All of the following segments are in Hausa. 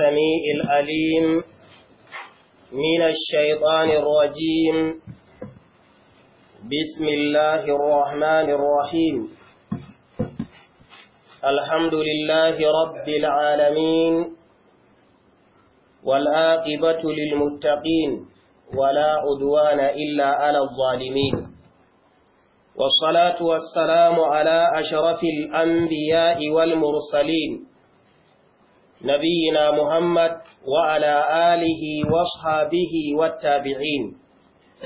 السميع الأليم من الشيطان الرجيم بسم الله الرحمن الرحيم الحمد لله رب العالمين والآقبة للمتقين ولا عدوان إلا على الظالمين والصلاة والسلام على أشرف الأنبياء والمرسلين نبينا محمد وعلى آله واصحابه والتابعين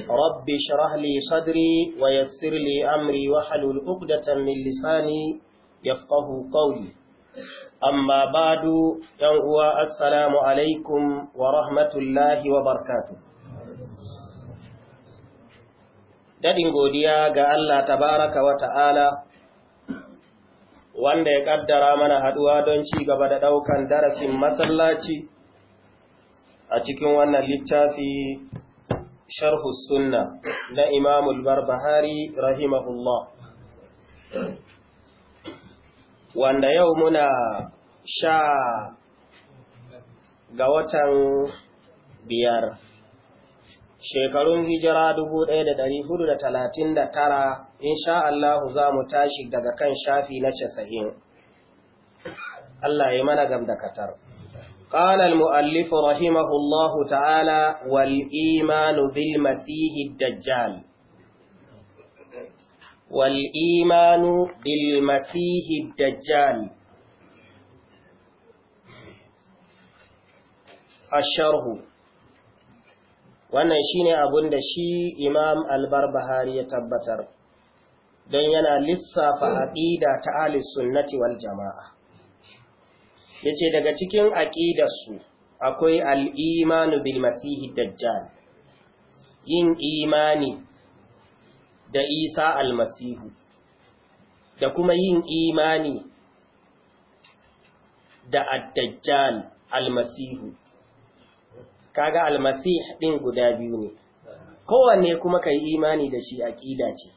رب شرح لي صدري ويسر لي أمري وحل الأقدة من لساني يفقه قولي أما بعد ينقوى السلام عليكم ورحمة الله وبركاته Dadin godiya ga Allah tabaraka wa ta'ala wanda ya kaddara mana haduwa don ci gaba da daukan darasin masallaci a cikin wannan littafi sharhu sunna na imamul barbahari rahimahullah wanda yau muna sha ga watan biyar shekarun hijira 1439 insha Allah za mu tashi daga kan shafi na casa'in. Allah ya mana gam da katar. Ƙalal mu'allifu rahimahullahu ta'ala wal imanu bil masihi dajjal. Wal imanu bil masihi dajjal. Wannan shi ne abin da shi Imam Albarbahari ya tabbatar. don yana lissafa aƙida ta alis sunnati wal jama'a ya ce daga cikin aƙidarsu akwai al'imanu bil masihi dajjal yin imani da isa almasihu da kuma yin imani da addajjal almasihu kaga almasih ɗin guda biyu ne kowanne kuma ka yi imani da shi aƙida ce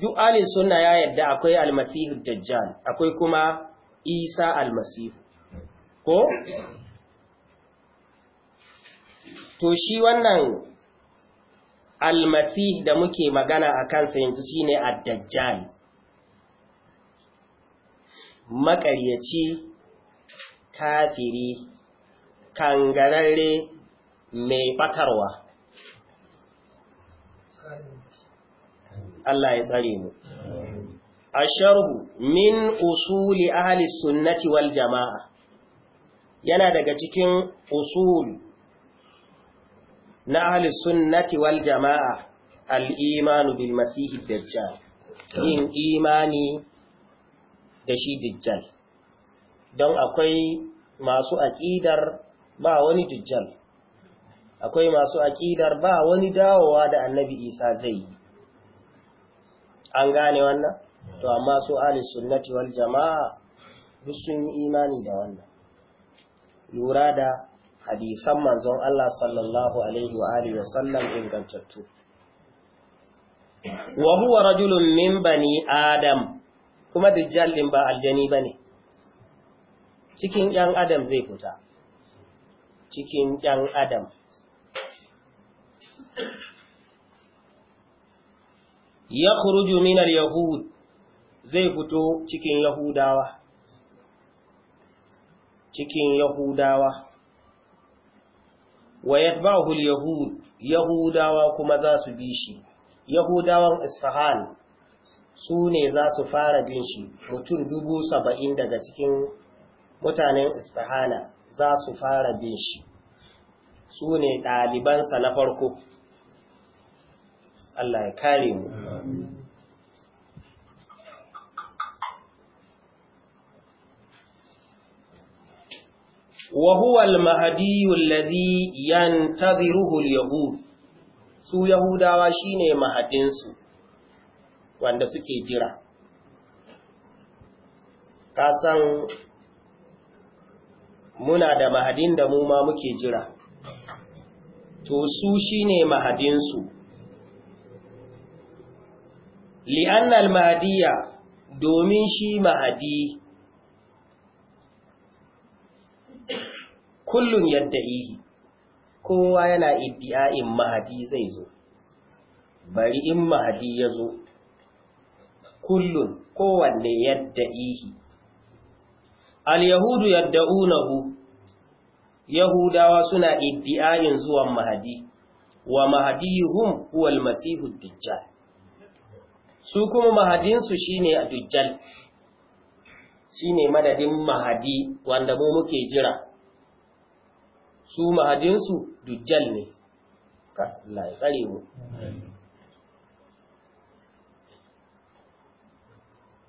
duk alin suna ya yadda akwai almasihu dajjal akwai kuma isa almasihu ko to shi wannan almasihu da muke magana a kansa yanzu shine a dajjal makaryaci kafiri kangararre mai batarwa Allah ya tsare mu asharhu min usuli ahli sunnati wal jama'a yana daga cikin usul na ahli sunnati wal jama'a al bil masihi dajjal yin imani da shi dajjal don akwai masu aƙidar ba wani dajjal akwai masu aƙidar ba wani dawowa da annabi isa zai yi an gane wannan to amma su Ali sunnati wal jama'a duk sun yi imani da wannan lura da hadisan manzon Allah sallallahu alaihi wa alihi wa sallam ingantattu wa huwa rajulun min bani adam kuma dajjal din ba aljani bane cikin yan adam zai fita cikin yan adam ya kuruju minar Yahud zai fito cikin Yahudawa. Cikin Yahudawa. Wa yatba'uhu Yahud, Yahudawa kuma za su bi shi. Yahudawan Isfahan su ne za su fara bin shi, mutum dubu saba'in daga cikin mutanen Isfahana za su fara bin shi. Su ne ɗalibansa na farko. Allah ya kare mu. Wahuwal huwa al-mahdiyyu alladhi su yahudawa shine mahadin su wanda suke jira ka san muna da mahadin da mu ma muke jira to su shine mahadin su li'anna al domin shi mahadi kullun yi. kowa yana in mahadi zai zo bari in mahadi ya zo kullun kowanne yadda yi. al-yahudu yadda'unahu yahudawa suna iddi'a'in zuwan mahadi wa mahadihum huwa al-masihu dajjal su kuma mahadinsu shine ad-dajjal shine madadin mahadi wanda mu muke jira su mahadinsu dujjal ne ka ya tsare mu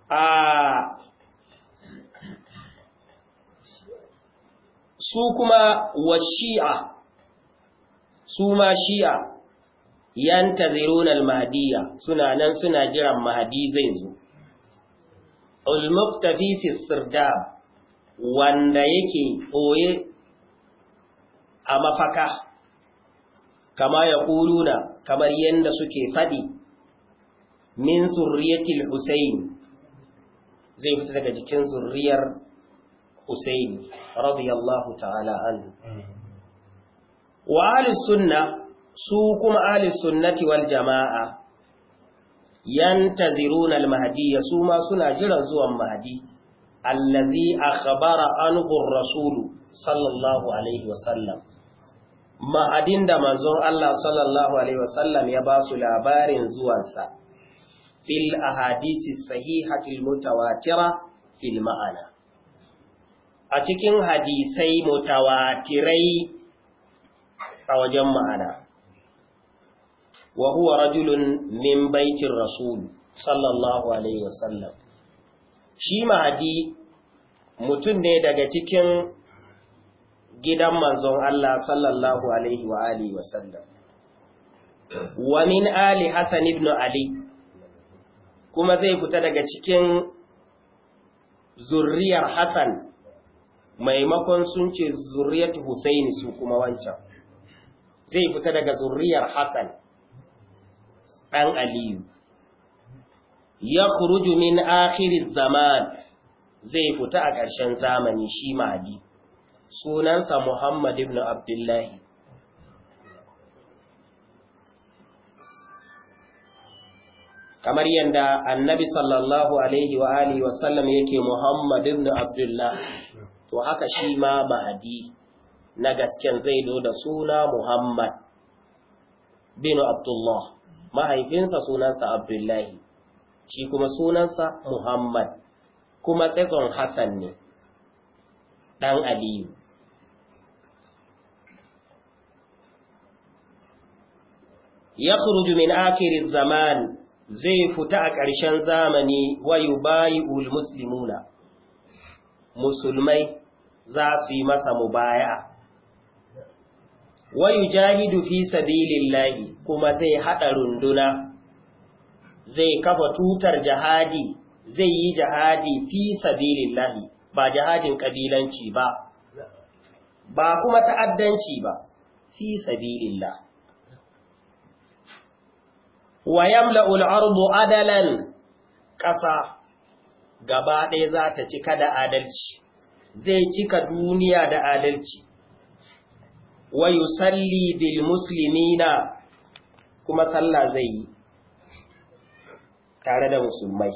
a su kuma wa shi'a su ma shi'a yanta zirunar mahadiya suna nan suna jiran mahadi zai zo ulmuktafi fi wanda yake ɓoye a mafaka kama ya ƙuluna kamar yadda suke faɗi min zurriyatil Husayn zai fita daga jikin zurriyar Husayn radiyallahu ta'ala anhu wa ahli su kuma ahli wal jama'a yantaziruna al-mahdi su ma suna jiran zuwan mahdi allazi a anhu ar rasulu, sallallahu alaihi wa sallam ma'adin da manzon Allah sallallahu Alaihi wasallam ya ba su labarin zuwansa, fil ahadisi sahihatil mutawatira fil ma'ana. A cikin hadisai mutawatirai a wajen ma'ana, wa huwa rajulun min baitin Rasul sallallahu Alaihi wasallam. Shi ma'adi mutum ne daga cikin gidan manzon Allah sallallahu alaihi wa alihi wa wa min ali hasan ibn ali kuma zai fita daga cikin zurriyar hasan maimakon sun ce zurriyatu husaini su kuma wancan zai fita daga zurriyar hasan ɗan aliyu ya min akhiriz zaman zai fita a ƙarshen zamani shi mahadi sunansa Muhammad ibn Abdullahi. Kamar yadda annabi sallallahu Alaihi wa Alihi wasallam yake Muhammad ibn Abdullah, to haka shi ma mahadi na gasken zai da suna Muhammad bin Abdullah, mahaifinsa sunansa Abdullahi, shi kuma sunansa Muhammad, kuma tsetson Hassan ne, ɗan Aliyu. ya min akirin zaman zai fita a ƙarshen zamani wayu bayi ulmuslimuna musulmai za su yi masa mubaya wayu jahidu fi sabilillahi kuma zai haɗa runduna zai kafa tutar jihadi zai yi jihadi fi sabilillahi ba jihadin ƙabilanci ba ba kuma ta'addanci ba fi sabilillah wa yamla'ul ardu adalan ƙasa gaba ɗaya za ta cika da adalci zai cika duniya da adalci wa yusalli bil muslimina kuma sallah zai yi tare da musulmai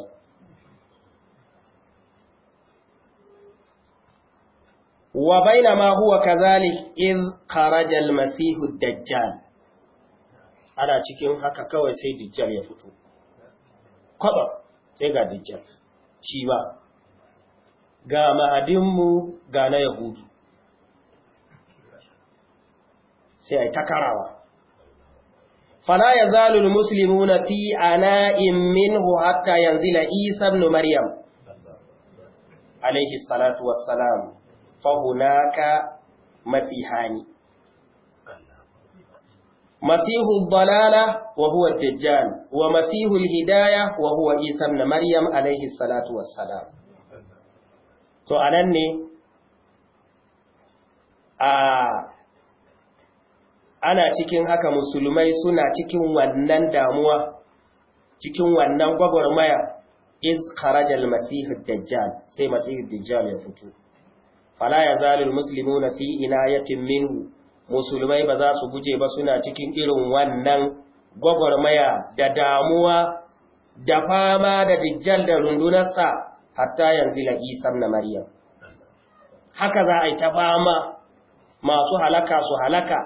wa bainama huwa kazalik iz kharaja al dajjal ana cikin haka kawai sai dijjal ya fito kwabar sai ga dijjal shi ba ga ma'adinmu ga na yahudu sai a takarawa fala ya zalul musulmi na fi ana'in minhu hatta yanzu na isa nu maryam alaihi salatu wassalam fahunaka hani. masihu balala wa dajjal wa masihu hidaya isa maryam alaihi salatu wassalam to anan a ana cikin haka musulmai suna cikin wannan damuwa cikin wannan gwagwarmaya iz kharajal masih dajjal sai masih dajjal ya fito fala yazalul muslimuna fi inayatin minhu musulmai ba za su guje ba suna cikin irin wannan gwagwarmaya da damuwa da fama da dijjal da rundunarsa hatta yanzu la na maryam haka za a yi ta fama masu halaka su halaka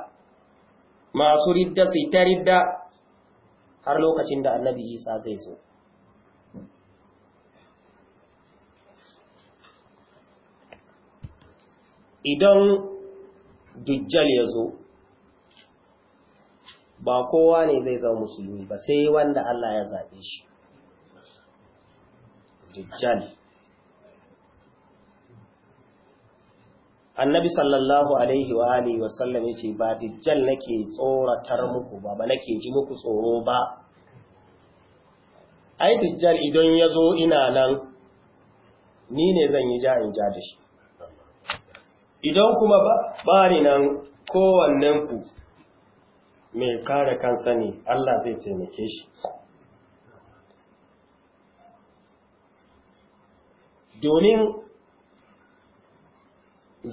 masu ridda su ta ridda har lokacin da annabi isa zai zo idan dujjal ya zo ba kowa ne zai zama musulmi ba sai wanda Allah ya zaɓe shi dujjal annabi sallallahu alaihi wa alihi wasallam ya ce ba dujjal nake tsoratar muku ba ba nake ji muku tsoro ba ai dujjal idan ya zo ina nan ni ne zan yi ja in ja da shi idan kuma bari nan ku mai kare kansa ne Allah zai taimake shi domin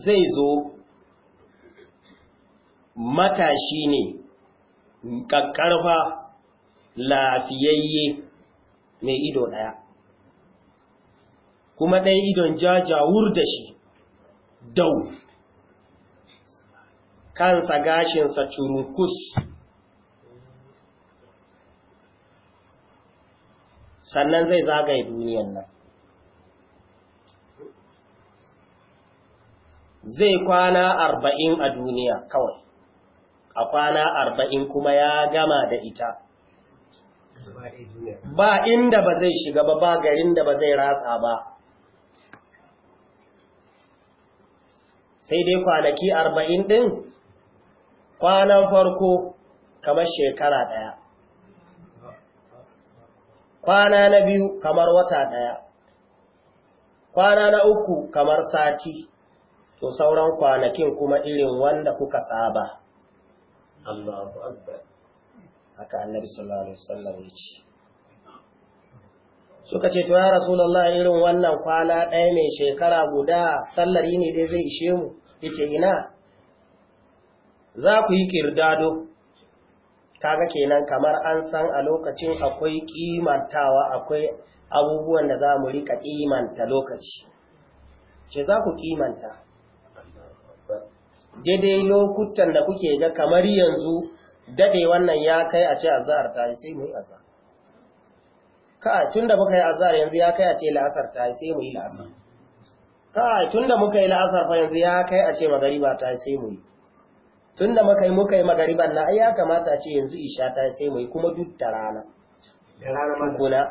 zai zo matashi ne ƙaƙƙarfa lafiyayye mai ido ɗaya kuma ɗaya idon jajawur da shi dau kansa gashinsa turukus, sannan zai zagaye duniyan nan zai kwana arba'in a duniya kawai a kwana arba'in kuma ya gama da ita ba inda ba zai shiga ba ba garin da ba zai ratsa ba sai dai kwanaki arba'in ɗin kwanan farko kamar shekara ɗaya kwana na biyu kamar wata ɗaya kwana na uku kamar sati to sauran kwanakin kuma irin wanda kuka saba Allahu Akbar haka annabi sallallahu alaihi wasallam ya ce suka ce to ya rasulullah irin wannan kwana ɗaya mai shekara guda sallari ne dai zai ishe mu yace ina za ku yi kirdado kaga kenan kamar an san a lokacin akwai kimantawa akwai abubuwan da za mu rika kimanta lokaci ce za ku kimanta daidai lokutan da kuke ga kamar yanzu daɗe wannan ya kai a ce azhar ta sai mu yi azhar kai tunda muka yi azhar yanzu ya kai a ce la'asar ta yi sai mu yi la'asar kai tunda muka yi la'asar fa yanzu ya kai a ce magariba ta yi sai mu yi tunda muka yi muka yi magariban na ai ya kamata a ce yanzu isha ta yi sai mu yi kuma duk da rana da rana kuna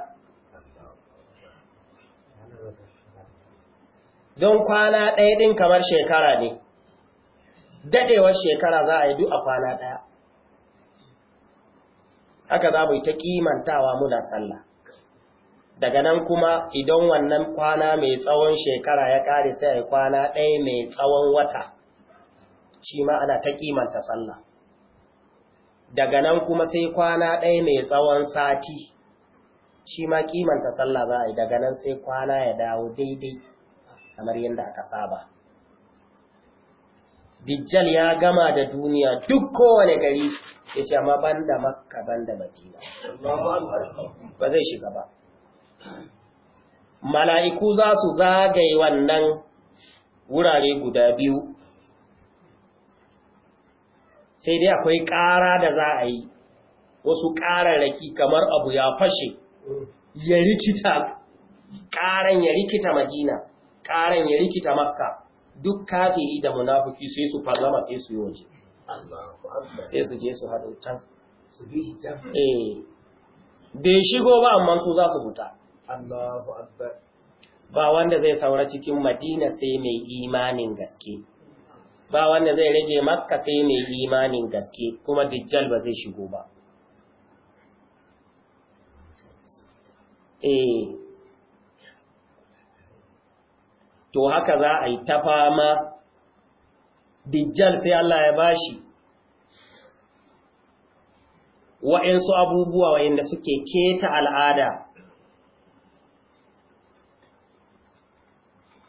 don kwana ɗaya ɗin kamar shekara ne daɗewar shekara za a yi duk a kwana ɗaya haka za mu yi ta kimantawa muna sallah daga nan kuma idan wannan kwana mai tsawon shekara ya ƙare sai a yi kwana ɗaya mai tsawon wata shi ma ana ta kimanta sallah daga nan kuma sai kwana ɗaya mai tsawon sati shi ma kimanta sallah za a yi daga nan sai kwana ya dawo daidai kamar yadda aka saba dijjal ya gama da duniya duk kowane gari ya ce amma ban da makka ban da madina ba zai shiga ba mala'iku za su zagaye wannan wurare guda biyu sai dai akwai ƙara da za a yi wasu ƙararraki kamar abu ya fashe ya rikita ƙaran ya rikita madina ƙaran ya rikita makka duk kafiri da munafuki sai su fazama sai su yi waje sai su je su haɗu can eh. bai shigo ba amma su za su buta Allahu Akbar. Ba wanda zai saura cikin Madina sai mai imanin gaske. Ba wanda zai rage Makka sai mai imanin gaske kuma Dajjal ba zai shigo ba. Eh. To haka za a yi ta fama Dijjal sai Allah ya bashi wa'yansu abubuwa wa'yanda suke keta al'ada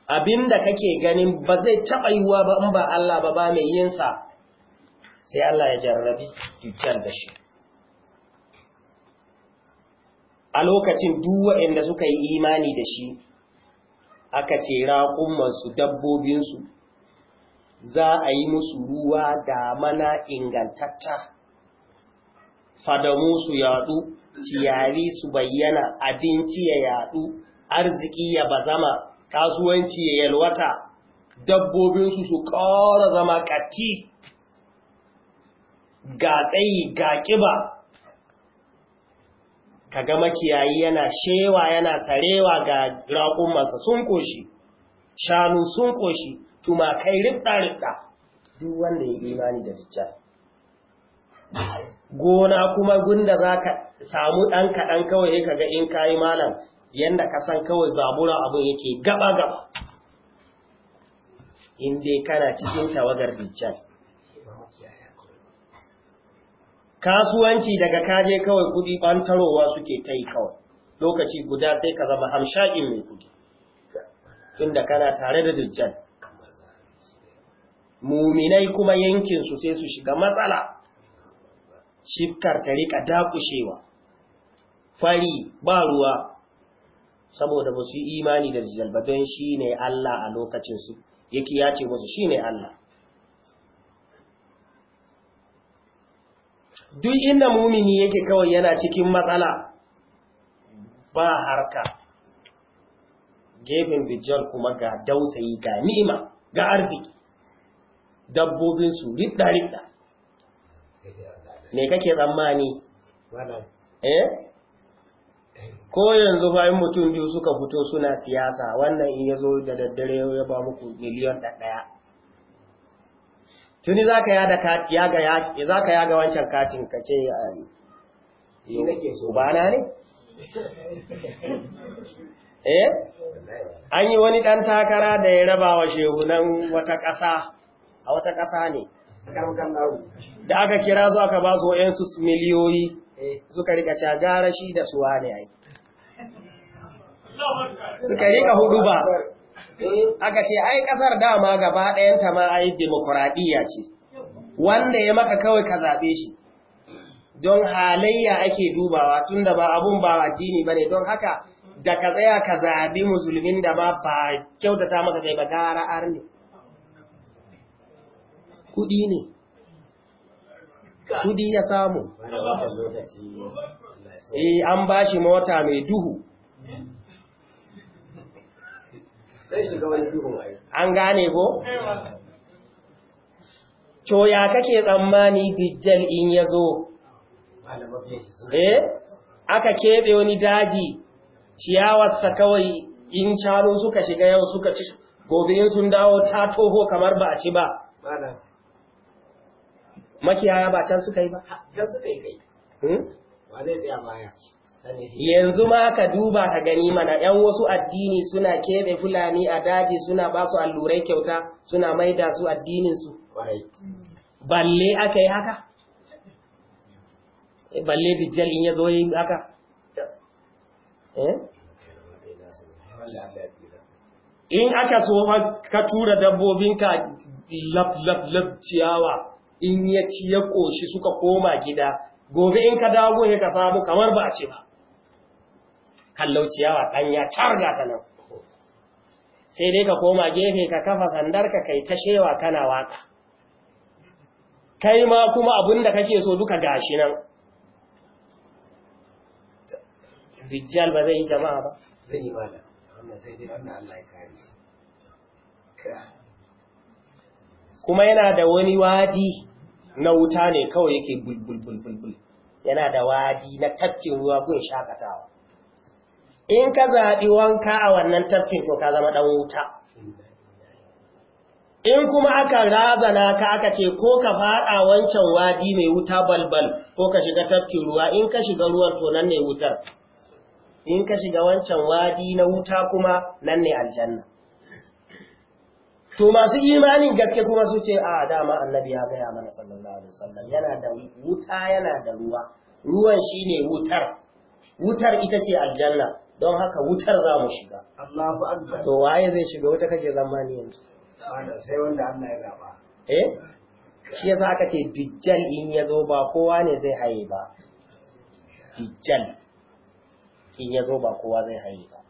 abinda kake ganin ba zai taɓa yiwuwa ba in ba Allah ba ba mai yinsa sai Allah ya jarrabi cutar da shi a lokacin duwa inda suka yi imani da shi aka ce raƙumansu dabbobinsu za a yi musu ruwa da mana ingantatta fadamu su yaɗu ciyari su bayyana abinci ya yaɗu arziki ya bazama kasuwanci ya yalwata dabbobinsu su ƙara zama kati ga tsayi ga ƙiba ga makiyayi yana shewa yana sarewa ga raƙumansa sun ƙoshi shanu sun ƙoshi tumakai ribɗa-ribɗa duk wanda ya imani da dujjal gona kuma gunda za ka samu ɗan kaɗan kawai ga in kayi malam yanda ka san kawai zabura abin yake gaba-gaba inda kana cikin tawagar bincan kasuwanci daga kaje kawai kudi bantarowa suke ta yi kawai lokaci guda sai ka zama hamshakin mai kudi tunda kana tare da bincan muminai kuma yankin su sai su shiga matsala shifkar ta rika dakushewa fari ba ruwa saboda ba su imani da rijal ba don shi ne Allah a lokacinsu yake ya ce wasu shi ne Allah duk inda mumini yake kawai yana cikin matsala ba harka gefen dajjal kuma ga dausayi ga nima ga arziki dabbobinsu ridda-ridda me kake tsammani eh ko yanzu fa in mutum biyu suka fito suna siyasa wannan in yazo da daddare ya ba muku miliyan ɗaya tuni zaka yaga yaga yaga zaka yaga wancan katin kace shi nake so bana ne eh an yi wani dan takara da ya raba wa nan wata ƙasa a wata ƙasa ne da aka kira zuwa ka ba su wayansu miliyoyi Eh, suka rika cagara shi da suwa ne ai suka rika hudu ba aka ce ai kasar dama gaba ɗayanta ma ai demokuraɗiyya ce wanda ya maka kawai ka zaɓe shi don halayya ake dubawa tunda ba abun ba addini ne, don haka da ka tsaya ka zaɓi musulmin da ba ba kyautata maka kai ba gara arni kuɗi ne kudi ya samu eh an bashi mota mai duhu an gane ko to ya kake tsammani dijjal in ya zo? eh aka kebe wani daji ciyawarsa kawai in caro suka shiga yau suka ci gobe sun dawo ta toho kamar ba a ci ba makiyaya ba can suka yi ba can suka yi kai ba hmm? zai tsaya baya yanzu ma ka duba ka gani mana ‘yan wasu addini suna keɓe fulani a daji suna ba su allurai kyauta suna maida su addininsu balle aka yi haka eh, balle dijjalin ya zo yi haka eh? in aka so ka tura dabbobinka lab lab lab ciyawa in ya ci ya ƙoshi suka koma gida gobe in ka dawo ne ka samu kamar ba a ci ba kallon ciyawa ya carga ta nan sai dai ka koma gefe ka kafa sandarka kai ta shewa kana waka kai ma kuma abin da kake so duka gashi nan bijjal ba zai yi jama'a ba zai yi ba da wannan sai dai wannan Allah ya kare kuma yana da wani wadi na wuta ne kawai yake bulbulbulbul yana da wadi na tafkin ruwa gun shakatawa in ka zaɓi wanka a wannan tafkin to ka zama ɗan wuta in kuma aka razana ka aka ce ko ka faɗa wancan wadi mai wuta balbal ko ka shiga tafkin ruwa in ka shiga ruwan to nan ne wutar in ka shiga wancan wadi na wuta kuma nan ne aljanna to masu imanin gaske kuma su ce a dama annabi ya gaya mana sallallahu alaihi wasallam yana da wuta yana da ruwa ruwan shine wutar wutar ita ce aljanna don haka wutar za mu shiga Allahu akbar to waye zai shiga wuta kake zamani yanzu sai wanda Allah ya zaba eh shi yasa aka ce dijjal in ya zo ba kowa ne zai haye ba dijjal in ya zo ba kowa zai haye ba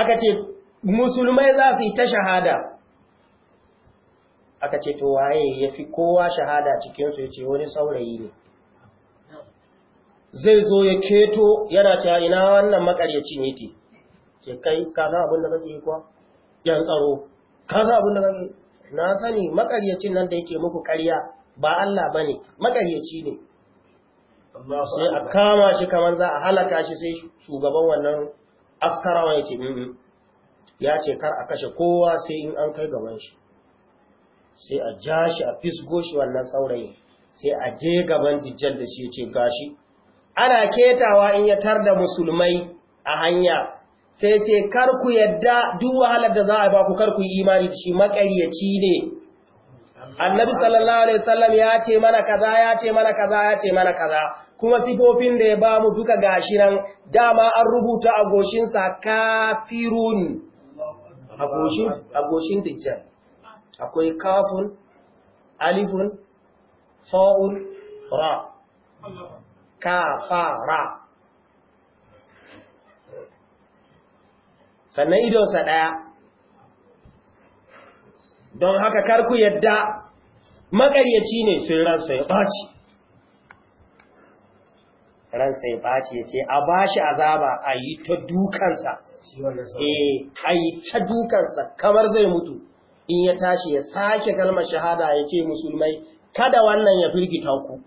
aka ce musulmai za su yi ta shahada aka ce to waye ya fi kowa shahada cikinsu ya ce wani saurayi ne zai zo ya keto yana cewa ina wannan ne ke? Ke kai ka san abin da zai yi kuwa yan tsaro ka san abin da yi na sani makaryacin nan da yake muku karya ba Allah bane makaryaci ne sai a kama shi kamar za a halaka shi sai shugaban wannan askarawa ya ce ya ce kar a kashe kowa sai in an kai gaban shi sai a ja shi a fisgo shi wannan saurayin sai a je gaban dijjal da shi ya ce gashi ana ketawa in ya tar da musulmai a hanya sai ce kar ku yadda duk wahalar da za a baku kar ku yi imani da shi makaryaci ne annabi sallallahu alaihi wasallam ya ce mana kaza ya ce mana kaza ya ce mana kaza kuma sifofin da ya bamu duka gashi nan dama an rubuta a goshin sa kafirun agoshin dajjal akwai kafun alifun fa'un ra ra sannan idonsa ɗaya don haka karku yadda makaryaci ne sun ransa ya ɓaci ransa ya bace ce a bashi azaba a yi ta dukansa eh a yi ta dukansa kamar zai mutu in ya tashi ya sake kalmar shahada ya ce musulmai kada wannan ya firgita ku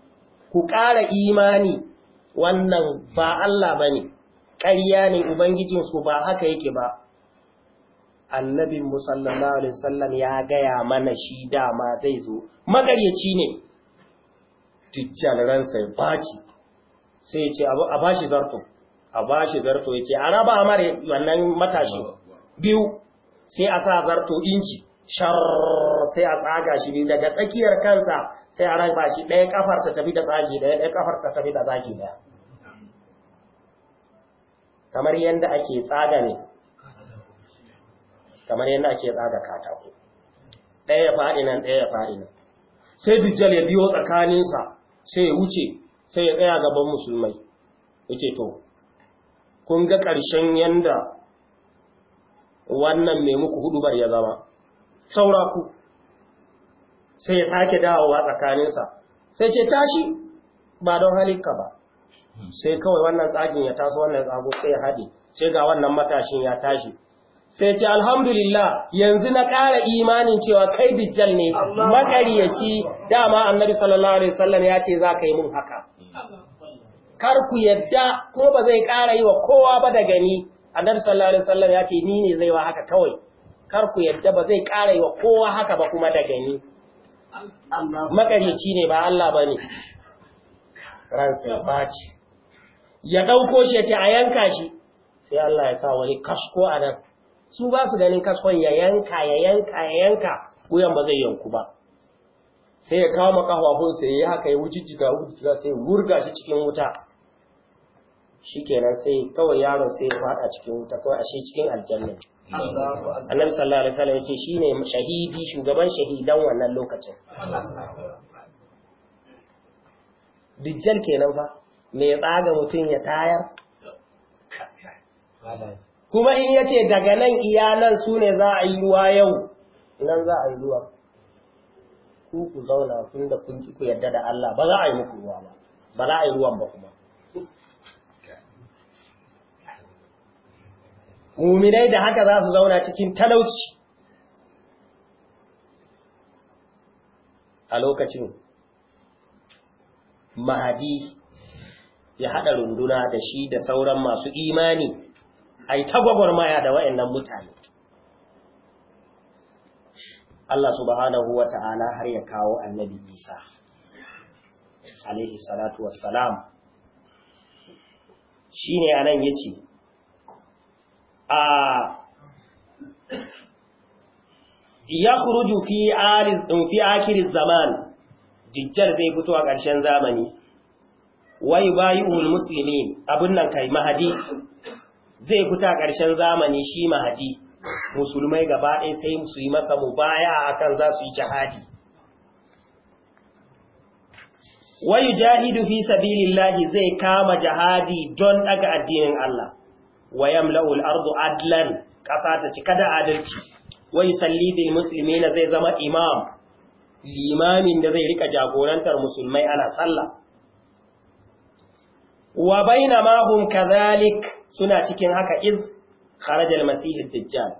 ku ƙara imani wannan ba Allah ba ne ƙarya ne ubangijinsu ba haka yake ba annabin musallallahu alaihi wasallam ya gaya mana shi dama zai zo magaryaci ne tijjal ransa ya bace. sai ya ce a ba shi zarto a ba shi zarto ya ce a raba a mare wannan matashi biyu sai a sa zarto inci shar sai a tsaga shi biyu daga tsakiyar kansa sai a raba shi ɗaya kafar ta tafi da tsagi ɗaya ɗaya kafar ta tafi da tsagi ɗaya kamar yadda ake tsaga ne kamar yadda ake tsaga katako ɗaya faɗi nan ɗaya faɗi sai dujjal ya biyo tsakaninsa sai ya wuce sai ya tsaya gaban musulmai yake to kun ga ƙarshen yanda wannan mai muku hudu bar ya zama saura ku sai ya sake dawowa tsakaninsa sai ce tashi ba don halinka ba hmm. sai kawai wannan tsagin ya taso wannan tsago sai ya haɗe sai ga wannan matashin ya tashi sai ce alhamdulillah yanzu na ƙara imanin cewa kai bijjal ne makariyaci dama annabi sallallahu alaihi wasallam ya ce za ka yi mun haka kar ku yadda kuma ba zai ƙara yi wa kowa ba da gani annabi sallallahu alaihi wasallam ya ce ni ne zai wa haka kawai kar ku yadda ba zai ƙara yi wa kowa haka ba kuma da gani makariyaci ne ba Allah bane ransa ba ce ya ɗauko shi ya ce a yanka shi sai Allah ya sa wani kasko a nan su ba su ganin kaskon ya yanka ya yanka ya yanka wuyan ba zai yanku ba sai ya kama kahwahun sai ya haka ya wuce wujijjiga wujijjiga sai wurga shi cikin wuta shikenan sai kawai yaron sai ya fada cikin wuta kawai ashe cikin aljanna annabi sallallahu alaihi wasallam yace shine shahidi shugaban shahidan wannan lokacin dijjal kenan fa me tsaga mutun ya tayar kuma in yace daga nan iyalan su ne za a yi ruwa yau nan za a yi ruwa ku ku zauna kun da kun ku yarda da Allah ba za a yi muku ruwa ba ba za a yi ruwan ba kuma muminai da haka za su zauna cikin talauci a lokacin mahadi ya haɗa runduna da shi da sauran masu imani ai ta maya da wayannan mutane Allah subhanahu wa ta'ala har ya kawo annabi Isa alaihi salatu wassalam shine anan yace a yakhruju fi fi akhir zaman dijjar zai fito a ƙarshen zamani wai bayu muslimin abin nan kai mahadi zai fita ƙarshen zamani shi mahadi musulmai gaba ɗaya sai su yi masa mu a akan za su yi jihadi wayu jahidu fi sabilillahi zai kama jihadi don ɗaga addinin Allah wa yamla'u al-ardu adlan ƙasa ta cika da adalci wayu salli bil na zai zama imam limamin da zai rika jagorantar musulmai ana sallah wa baina mahum kazalik suna cikin haka iz kharajal masihid dajjal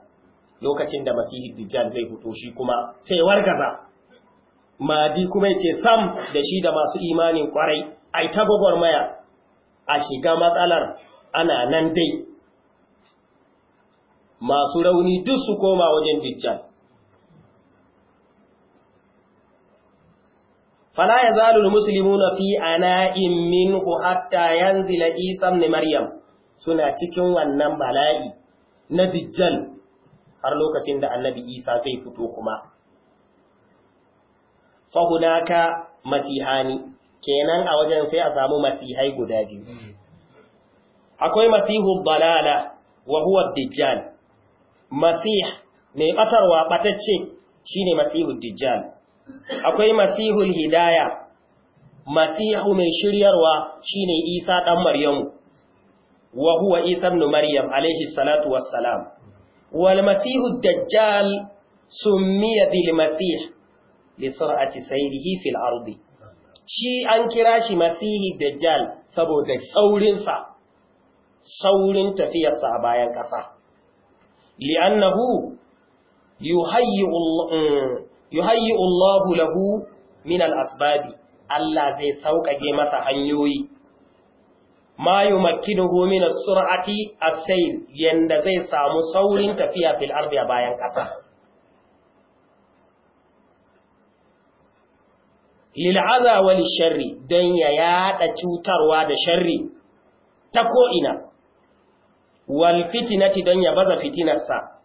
lokacin da masihid dajjal zai fito shi kuma sai wargaza madi kuma yace sam da shi da masu imanin kwarai ai ta maya a shiga matsalar ana nan dai masu rauni duk su koma wajen Dijjal. fala ya zalu muslimuna fi ana'in minhu hatta yanzila isa ibn maryam suna cikin wannan bala'i na dijjal har lokacin da annabi isa zai fito kuma fahunaka masihani kenan a wajen sai a samu masihai guda biyu akwai masihu balala wa huwa dajjal masih mai batarwa batacce shine masihu Dijjal. akwai masihul hidaya masihu mai shiryarwa shine isa Ɗan maryamu wa huwa isa maryam alaihi salatu wassalam wal masihu dajjal miya bil masih li sur'ati sayrihi fil ardi shi an kira shi masihu dajjal saboda saurinsa saurin tafiyarsa a bayan ƙasa li'annahu yuhayyi yuhayyi Allahu lahu min al-asbabi Allah zai sauƙaƙe masa hanyoyi ma yumakkinuhu min as-sur'ati a sayr yanda zai samu saurin tafiya fil ardi bayan ƙasa lil'aza wal sharri don ya yada cutarwa da sharri ta ko'ina, wal fitinati don ya baza fitinarsa,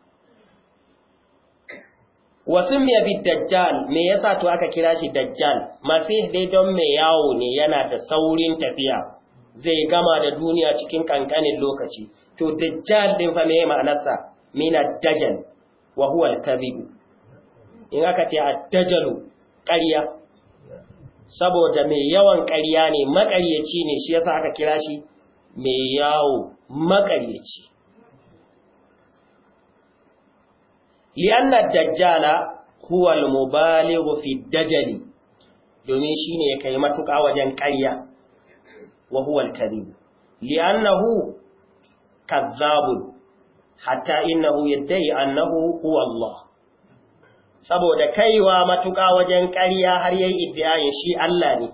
wasu sumiya bi dajjal me yasa to aka kira shi dajjal masih dai don mai yawo ne yana da saurin tafiya zai gama da duniya cikin kankanin lokaci to dajjal din fa meye ma'anarsa min dajjal wa huwa al-kadhib in aka ce ad-dajjalu ƙarya saboda mai yawan ƙarya ne maƙaryaci ne shi yasa aka kira shi mai yawo maƙaryaci li'anna dajjala huwa al-mubalighu fi dajali domin shine ya kai matuƙa wajen ƙarya wa huwa al-kadhib li'annahu kadhabun hatta innahu yaddai annahu huwa Allah saboda kaiwa matuƙa wajen ƙarya har yayi iddiyayin shi Allah ne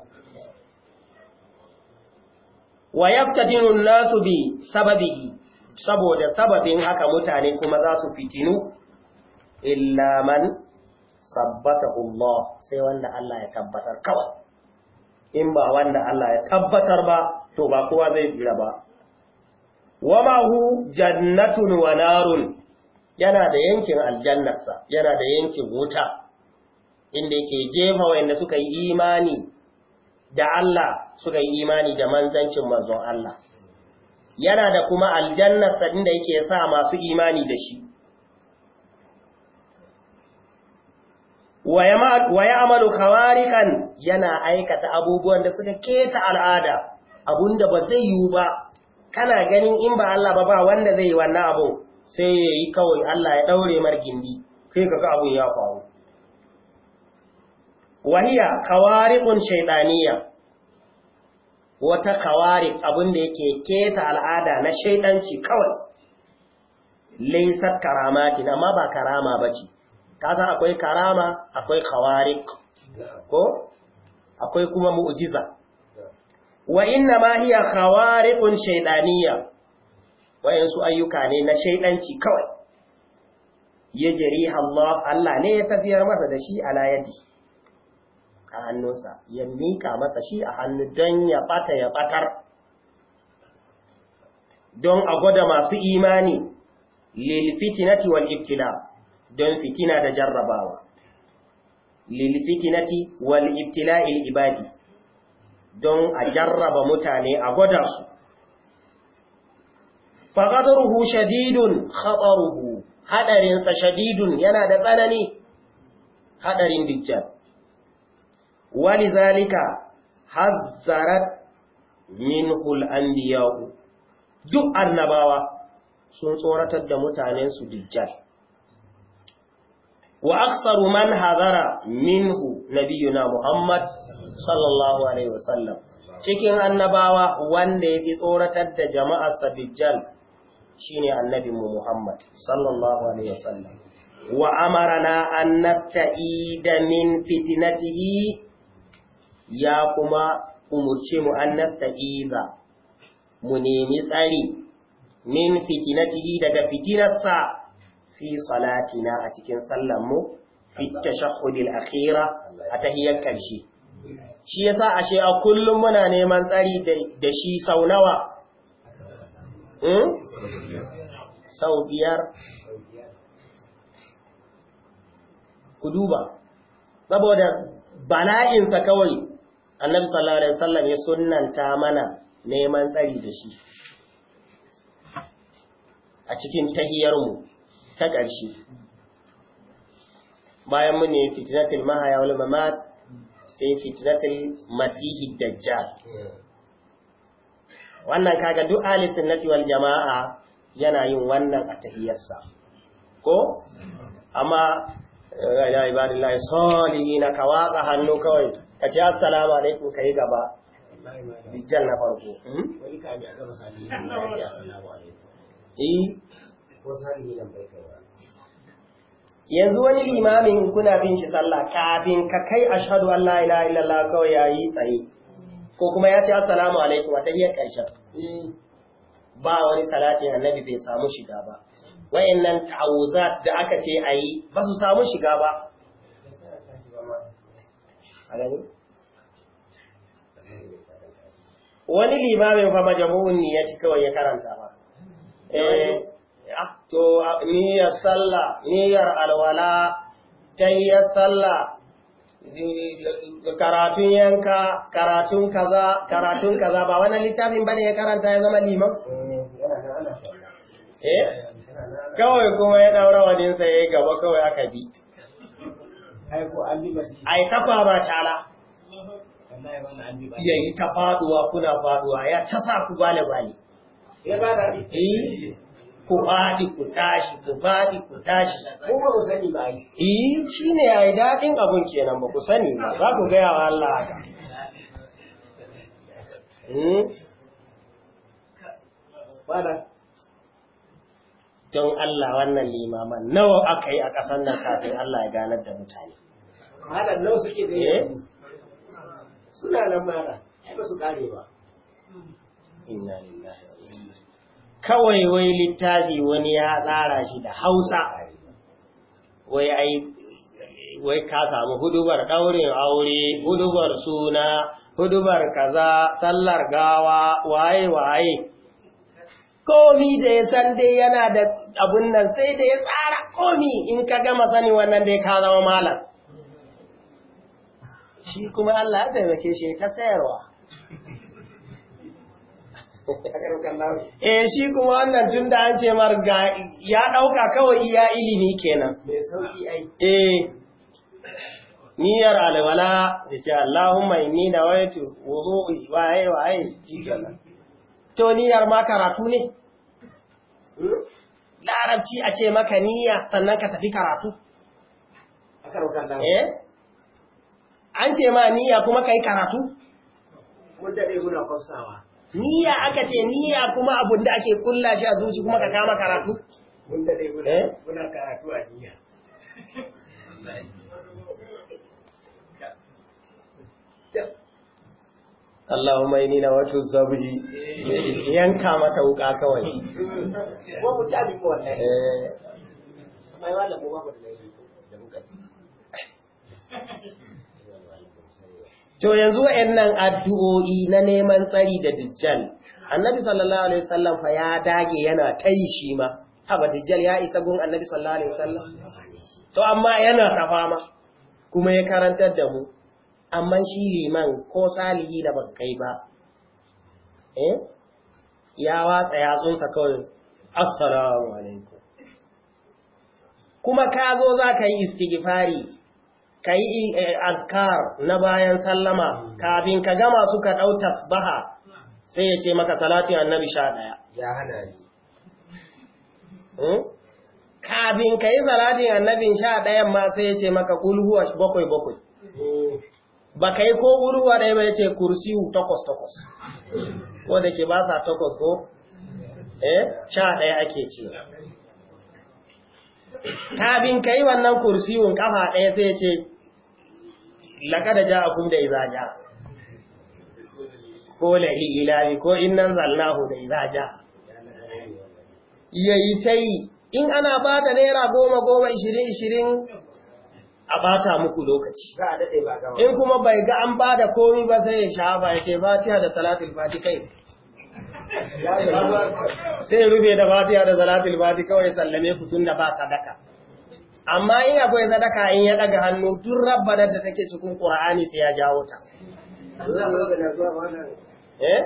wa yaftadinu an-nasu bi sababihi saboda sababin haka mutane kuma za su fitinu illa man sabbata Allah sai wanda Allah ya tabbatar kawai in ba wanda Allah ya tabbatar ba to ba kowa zai jira ba wama hu jannatun wa narun yana da yankin aljannarsa yana da yankin wuta inda yake jefa wanda suka yi imani da Allah suka yi imani da manzancin manzon Allah yana da kuma aljannarsa inda yake sa masu imani da shi wa amalu kawarikan yana aikata abubuwan da suka keta al'ada abunda ba zai yiwu ba kana ganin in ba Allah ba ba wanda zai yi wannan abu sai ya yi kawai Allah ya ɗaure margindi sai ka ga abun ya faru wahiya kawarikun shaytaniyya wata kawarik abunda yake keta al'ada na shaidanci kawai laysat karamatin amma ba karama ba ce. kasan akwai karama akwai khawarik ko akwai kuma mu'jiza wa inna ma hiya khawariqun Wa 'yansu ayyuka ne na shaydanci kawai yajri Allah Allah ne ya tafiyar masa da shi ala yadi a hannunsa ya mika masa shi a hannu don ya bata ya batar don a gwada masu imani lil fitnati wal ibtila don fitina da jarrabawa lilfitinati wal ibtila'il ibadi don a jarraba mutane a gwada su faqadaruhu shadidun khataruhu hadarin sa shadidun yana da tsanani hadarin dijjal walizalika hazzarat minhu al anbiyau duk annabawa sun tsoratar da mutanen su dijjal wa aksaru man hazara minhu nabiyuna Muhammad sallallahu alaihi wasallam cikin annabawa wanda yafi tsoratar da jama'ar sabijjal shine annabi mu Muhammad sallallahu alaihi wasallam wa amarana an nasta'ida min fitnatihi ya kuma umurce mu an da mu nemi tsari min fitnatihi daga fitinarsa fi salatina a cikin sallanmu fi tashahhudil akhira a tahiyyar karshe shi yasa ashe a kullum muna neman tsari da shi sau nawa hmm? sau biyar ku duba saboda bala'insa kawai annabi sallallahu alaihi wasallam ya sunnanta mana neman tsari da shi a cikin tahiyarmu ta ƙarshe bayan mun ne fitnatul mahaya wal mamat sai fitnatul masihi dajjal wannan kaga duk ahli sunnati wal jama'a yana yin wannan a tahiyyarsa ko amma eh, ya ibadillahi salihin ka waka hannu kawai ka ce assalamu alaikum kai gaba dajjal na farko hmm? eh yanzu wani limamin kuna bin shi sallah kafin ka kai ashhadu Allah ila ila Allah kawai ya yi tsaye ko kuma ya ce assalamu alaikum wata iya karshen ba wani salatin annabi bai samu shiga ba nan ta'awuzat da aka ce ayi ba su samu shiga ba wani limamin fa majmu'un ne ya ci kawai ya karanta ba eh to niyyar sallah niyyar alwala tayyar sallah karatun yanka karatun kaza karatun kaza ba wannan littafin bane ya karanta ya zama liman eh kawai kuma ya daura wadin sa yayi gaba kawai aka bi ai ko an bi basi ai ta fara tala yi ta faduwa kuna faduwa ya sa ku bale bale ya ba da ku faɗi ku tashi ku faɗi ku tashi ko ba ku sani ba yi eh shine yi dadin abun kenan ba ku sani ba za ku ga wa Allah haka hmm bada don Allah wannan limaman nawa aka yi a ƙasar nan kafin Allah ya ganar da mutane malam nawa suke da eh? suna nan mara ba su kare ba inna lillahi kawai wai littafi wani ya tsara shi da hausa wai ai wai ka samu hudubar ɗaurin aure hudubar suna hudubar kaza sallar gawa waye waye komi da ya san dai yana da abun nan sai da ya tsara komi in ka gama sani wannan dai ka zama malam shi kuma Allah ya taimake shi ka sayarwa eh shi kuma wannan tun da an ce mar ga ya ɗauka kawai iya ilimi kenan eh niyyar alwala da ce Allahumma inni wa waitu wa waye waye to niyar ma karatu ne hmm? larabci a ce maka niyya sannan ka tafi karatu eh an ce ma niyya kuma kai karatu mudda dai muna kwasawa. niyya aka ce niyya kuma abun da ake kulla shi a zuci kuma ka kama karatu mun da dai eh? muna karatu a niyya Allahumma yi na wato zabi yanka mata wuka kawai. Wabu ku ci abin ko Mai wala ko ba ku da To yanzu nan addu'o'i na neman tsari da Dijjal, annabi sallallahu Alaihi wasallam fa ya dage yana ta yi shi ma, haba Dijjal ya isa gun annabi sallallahu Alaihi wasallam. To amma yana ta fama, kuma ya karantar da mu, amma shi liman ko salihi da baka kai ba. Eh? Ya watsa yatsunsa kawai, Assalamu alaikum. Kuma ka zo za ka yi istighfari ka yi eh, azkar na bayan sallama kafin ka gama suka ɗau tasbaha sai ya ce maka salatin annabi sha ɗaya ya hana ni hmm? kafin ka yi salatin annabi sha ɗayan ma sai ya ce maka ƙulhuwa bakwai bakwai ba ka yi ko ƙulhuwa ɗaya ba ya ce kursi takwas takwas wanda ke ba sa takwas ko eh, sha ɗaya ake ce kafin ka yi wannan kursiyun kafa ɗaya sai ce laƙada ja a kun da iza ja ko lahi ilahi ko innan zallahu da iza ja ya yi ta yi in ana ba da naira goma goma ishirin ishirin a bata muku lokaci in kuma bai ga an ba da komi ba sai ya sha ba ya ce fatiha da salatul fati kai sai rufe da fatiha da salatul fati kawai sallame ku tun da ba sadaka amma in akwai sadaka in ya daga hannu duk rabbanar da take cikin qur'ani sai ya jawo ta eh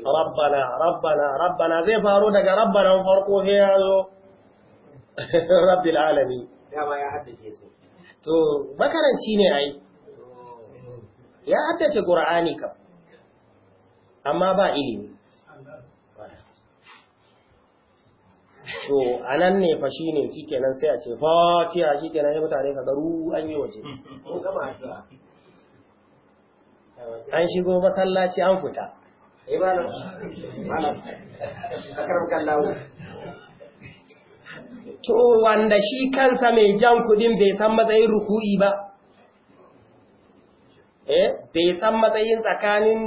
rabbana rabbana rabbana zai faru daga rabbanan farko sai ya zo rabbil alami. dama ya haddace su to makaranci ne ai ya haddace qur'ani kam amma ba ilimi to a nan ne fa shi ne shi kenan sai a ce fatiha shi kenan ya mutane ka garu an yi waje an shigo masallaci an fita eh, to wanda shi kansa mai jan kudin bai san matsayin ruku'i ba eh bai san matsayin tsakanin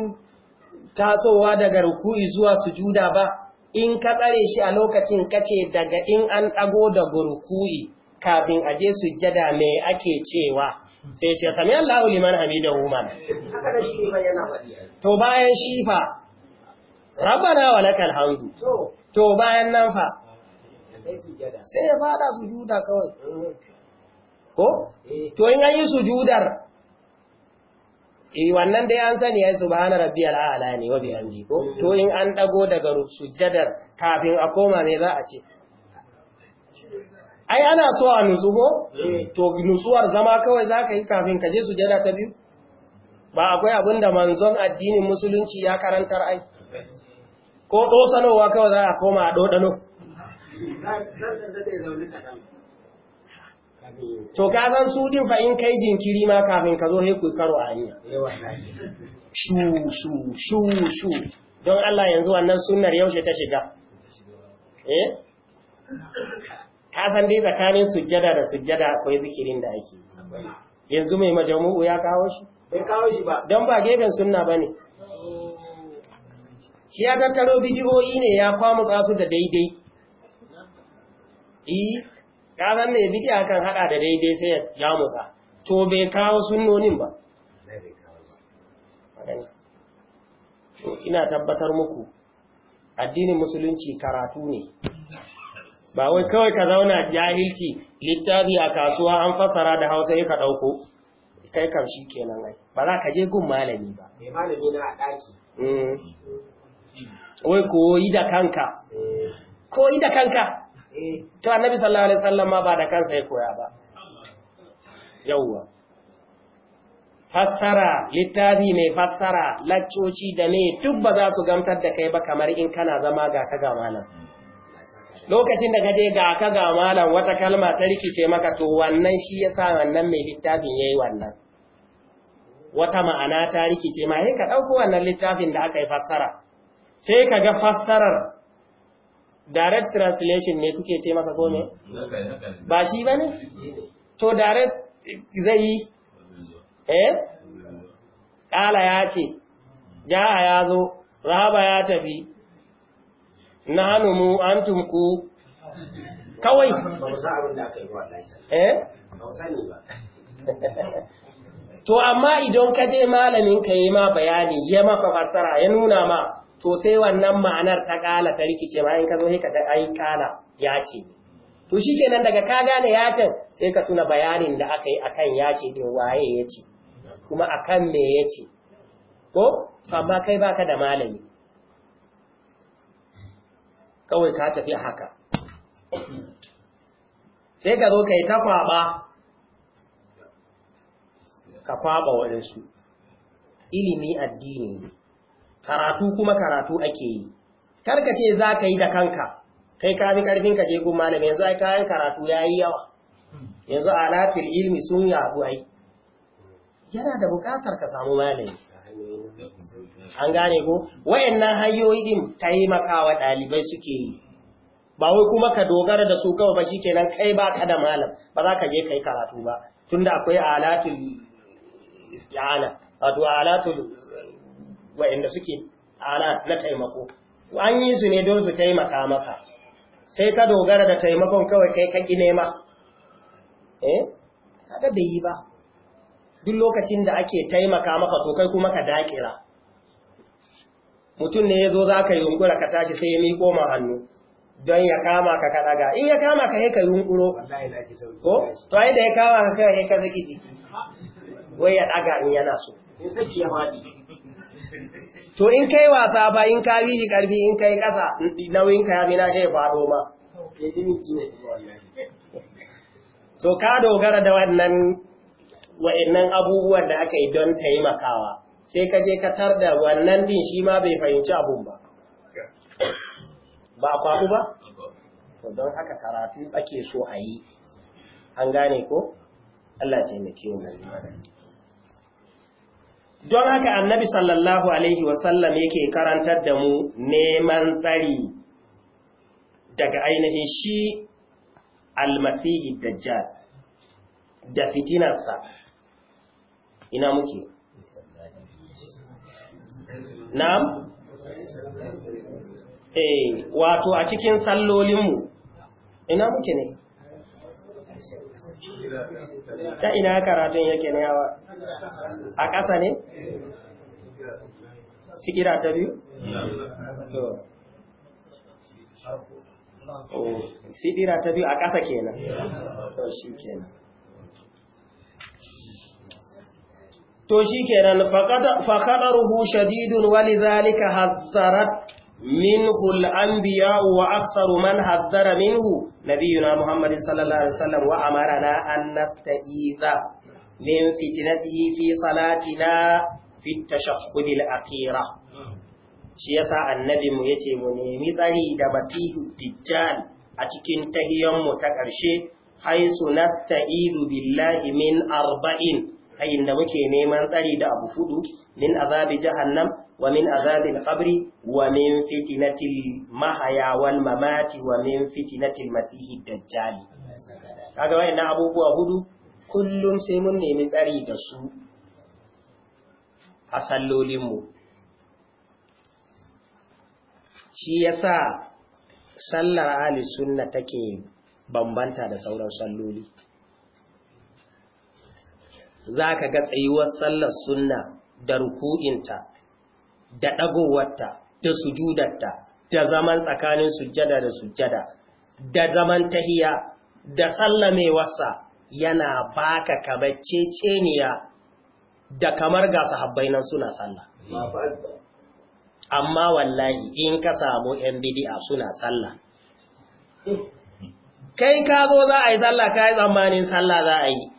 tasowa daga ruku'i zuwa sujuda ba in ka tsare shi a lokacin kace daga in an ɗago da gurku'i kafin aje jada me ake cewa sai ce sami Allahu liman hamidahu man to bayan shi fa wa walakal hamdu to bayan nan fa sai ya fada sujuda kawai mm. ko eh. to in an yi sujudar eh wannan dai an sani ya yi subhana rabbiyal a'la ne wa bihamdi ko to in an dago daga sujjadar kafin a koma me za a ce ai ana so a nutsu ko eh. to nutsuwar zama kawai zaka yi kafin ka je sujjada ta biyu ba akwai abin da manzon addinin musulunci ya karantar ai ko dosanowa kawai za a koma a dodano to ka zan su din fa in kai jinkiri ma kafin ka zo sai ku karo a hanya eh, shu shu shu shu don Allah yanzu wannan sunnar yaushe ta shiga eh ka san dai tsakanin sujjada da sujjada akwai zikirin da ake yanzu mai majamu'u ya kawo shi bai kawo shi ba don ba gefen sunna bane shi ya karo bidiyoyi ne ya kwamu su da daidai eh? ka san biki bid'a kan hada da daidai sai ya musa. to bai kawo sunnonin ba to ina tabbatar muku addinin musulunci karatu ne ba wai kawai ka zauna jahilci littafi a kasuwa an fassara da hausa ya ka ɗauko kai kam shi kenan ai ba za ka je gun malami ba mai malami na a ɗaki mm. wai koyi da kanka eh. koyi da kanka Eh, ta annabi sallallahu alaihi wasallam ma ba da kansa ya koya ba yawwa fassara littafi mai fassara laccoci da me duk ba za su gamtar da kai ba kamar in kana zama ga ka ga malam lokacin da kaje ga ka ga malam wata kalma ta rikice maka to wannan shi yasa wannan mai littafin yayi wannan wata ma'ana ta rikice ma sai ka dauko wannan littafin da aka yi fassara sai ka ga fassarar direct translation ne kuke ce masa ko ne ba shi ba ne to direct zai yi eh ƙala ya ce ja'a ya zo rahaba ya tafi na hannumu an tumku kawai eh to amma idan ka je malamin ka yi ma bayani ya maka fassara ya nuna ma to sai wannan ma'anar ta kala ta rikice ma in ka zo sai ka ga ai kala ya ce to shikenan daga ka gane ya ce sai ka tuna bayanin da aka yi akan ya ce din waye ya ce kuma akan me ya ce ko amma kai baka da malami kawai ka tafi haka sai ka zo kai ta kwaba ka kwaba waɗansu ilimi addini ne karatu kuma karatu ake yi karka ce za ka yi da kanka kai ka fi karfin ka je kun malami yanzu ai kayan karatu ya yi yawa yanzu alatil ilmi sun yaɗu ai yana da buƙatar ka samu malami an gane ko wayannan hanyoyi din taimakawa ɗalibai suke yi ba wai kuma ka dogara da su kawai ba shikenan kai ba ka da malam ba za ka je kai karatu ba tunda akwai alatul istiala wato alatul wa'inda suke ana na taimako an yi su ne don su taimaka maka sai ka dogara da taimakon kawai kai kaki nema eh kada bai yi ba duk lokacin da ake taimaka maka to kai kuma ka dakira mutum ne ya zo za ka yunkura ka tashi sai ya miƙo ma hannu don ya kama ka ka daga in ya kama ka ka yunkuro ko to ai da ya kama ka kai ka zaki jiki wai ya daga in yana so in saki ya fadi to in kai wasa ba in ka bi shi karfi in kai kasa nauyin ka ya fi na kai faɗo ma to ka dogara da wannan wa'annan abubuwan da aka yi don taimakawa sai ka je ka da wannan din shi ma bai fahimci abun ba ba faɗu ba don haka karatu ake so a yi an gane ko Allah taimake mu don haka annabi sallallahu alaihi wasallam yake karantar da mu neman tsari daga ainihin shi almasihi dajjal da fitinarsa ina muke na'am eh wato a cikin sallolinmu ina muke ne ta ina karatun yake ne yawa a ƙasa ne sigira ta biyu sigira oh, ta biyu a ƙasa kenan to shi kenan to shi kenan faƙaɗarhu shadidun wali zalika hazzarat منه الأنبياء وأكثر من حذر منه نبينا محمد صلى الله عليه وسلم وأمرنا أن نستئيذ من فتنته في صلاتنا في التشهد الأخيرة shi yasa annabi mu yace mu nemi tsari da masihu dijjal a cikin tahiyyar mu ta ƙarshe haisu nasta'idu billahi min arba'in a inda muke neman tsari da abu hudu min azabi jahannam wa min azabil qabri wa min fitnatil mahaya wal mamati wa min kaga wayannan abubuwa hudu kullum sai mun nemi tsari da su a sallolinmu shi yasa sallar ahli sunna take bambanta da sauran salloli za ka ga tsayuwar sallar sunna da ruku'inta da ɗagowarta da sujudarta da zaman tsakanin sujjada da sujjada da zaman tahiya da sallamewarsa yana baka kamar ceceniya da kamar ga sahabbai nan suna sallah amma wallahi in ka samu ‘yan bidi'a suna sallah kai ka zo za a yi sallah ka yi tsammanin sallah za a yi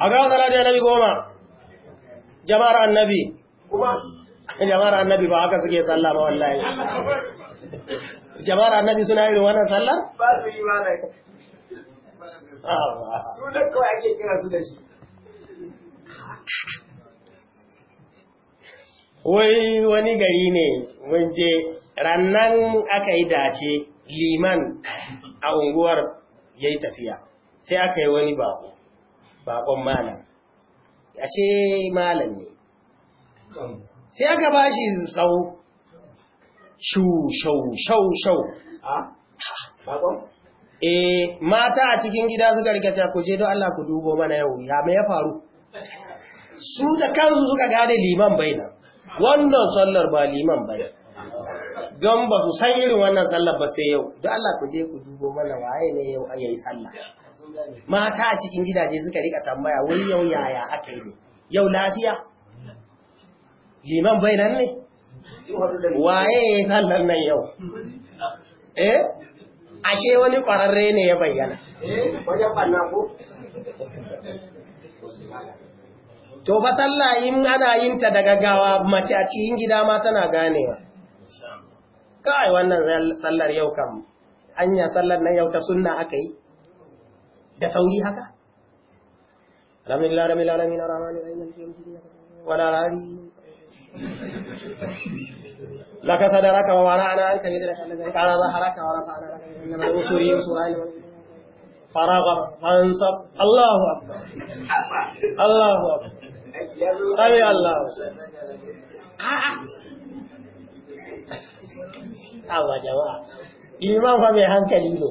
a ga salati annabi goma jama'ar annabi jama'ar annabi ba haka suke sallah ba wallahi jama'ar annabi suna irin wannan sallar ba su yi mana ah. su da kawai ake kira su da shi wai wani gari ne wance rannan aka yi dace liman a unguwar ya yi tafiya sai aka yi wani bako bakon malam ashe malam ne sai aka ba shi tsawo shu shau shau shau e mata a cikin gida suka rikata ku je don Allah ku dubo mana yau ya mai ya faru su da kansu suka gane liman baina wannan sallar ba liman baina don ba su san irin wannan sallar ba sai yau don Allah ku je ku dubo mana waye ne yau a yayi sallah mata a cikin gidaje suka rika tambaya wai yau yaya aka yi ne yau lafiya liman bai nan ne waye ya sallar nan yau eh ashe wani kwararre ne ya bayyana to fa sallayin ana yin ta daga gawa mace a cikin gida ma tana ganewa kawai wannan sallar yau kam hanya sallar nan yau ta sunna aka yi da sauri haka ramin laramin laramin ramani ainihin jimjiri wala rari لك صدرك وورعنا عنك بدرك الذي قال ظهرك ورفعنا لك إنما الأسر يسر فراغ فانصب الله Allahu! الله Allahu! سمع Allah jama'a, liman fa mai hankali ne.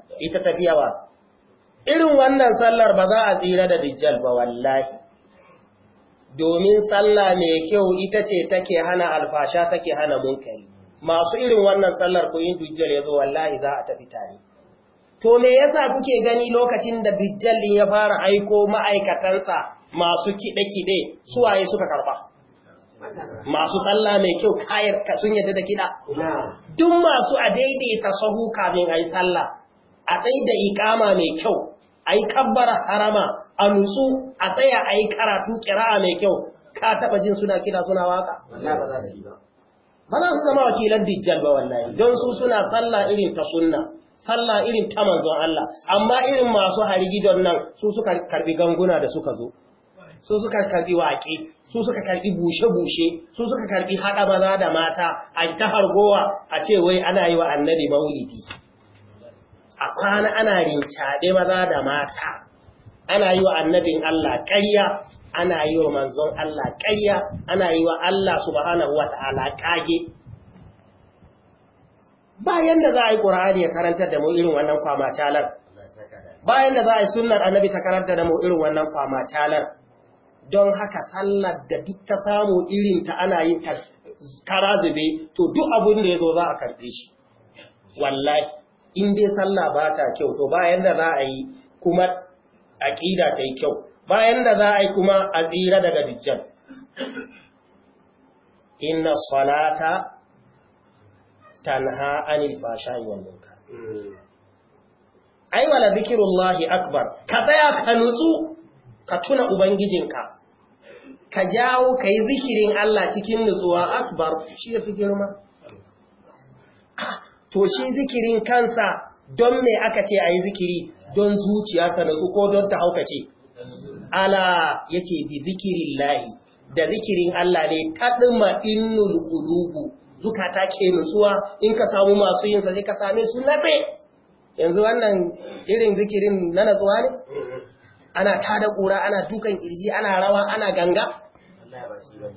ita ta fi yawa irin wannan sallar ba za a tsira da dijjal ba wallahi domin sallah mai kyau ita ce take hana alfasha take hana munkari masu irin wannan sallar ko yin dijjal yazo wallahi za a tafi tare to me yasa kuke gani lokacin da dijjal din ya fara aiko ma'aikatansa masu kide-kide suwaye suka karɓa? masu sallah mai kyau kayar ka sun yadda da kiɗa? duk masu a daidaita sahu kamin ayi sallah a tsaye da ikama mai kyau a yi kabbara harama a nutsu a tsaya a yi karatu kira'a mai kyau ka taba jin suna kira suna waka Bana su zama wakilan dijjal ba wallahi don su suna sallah irin ta sunna sallah irin ta manzon Allah amma irin masu harigi don nan su suka karbi ganguna da suka zo su suka karbi waƙe su suka karbi bushe-bushe su suka karbi haɗa maza da mata a ta hargowa a ce wai ana yi wa annabi maulidi a kwana ana rincaɗe maza da mata ana yi wa annabin Allah ƙarya ana yi wa manzon Allah ƙarya ana yi wa Allah subhanahu wa ta'ala ƙage bayan da za a yi ƙura'ani ya karanta da mu irin wannan kwamacalar bayan da za a yi sunan annabi ta karanta da mu irin wannan kwamacalar don haka sallar da duk ta samu irin ta ana yin ta kara zube to duk abin da ya zo za a karfe shi wallahi in dai sallah ba ta kyau to bayan da za a yi kuma aƙida ta yi kyau bayan da za a yi kuma a tsira daga dujjan inna salata tanha anil fashai wal munkar ai wala zikrullahi akbar ka tsaya ka nutsu ka tuna ubangijinka ka jawo ka yi zikirin Allah cikin nutsuwa akbar shi ya fi girma to shi zikirin kansa don me aka ce a yi zikiri don zuciya ta nutsu ko don ta haukace ala ce bi zikirin lahi da zikirin Allah ne kaɗima innul ƙulubu zukata ke nutsuwa in ka samu masu yinsa sai ka same su nafe yanzu wannan irin zikirin na nutsuwa ne ana tada ƙura ana dukan ƙirji ana rawa ana ganga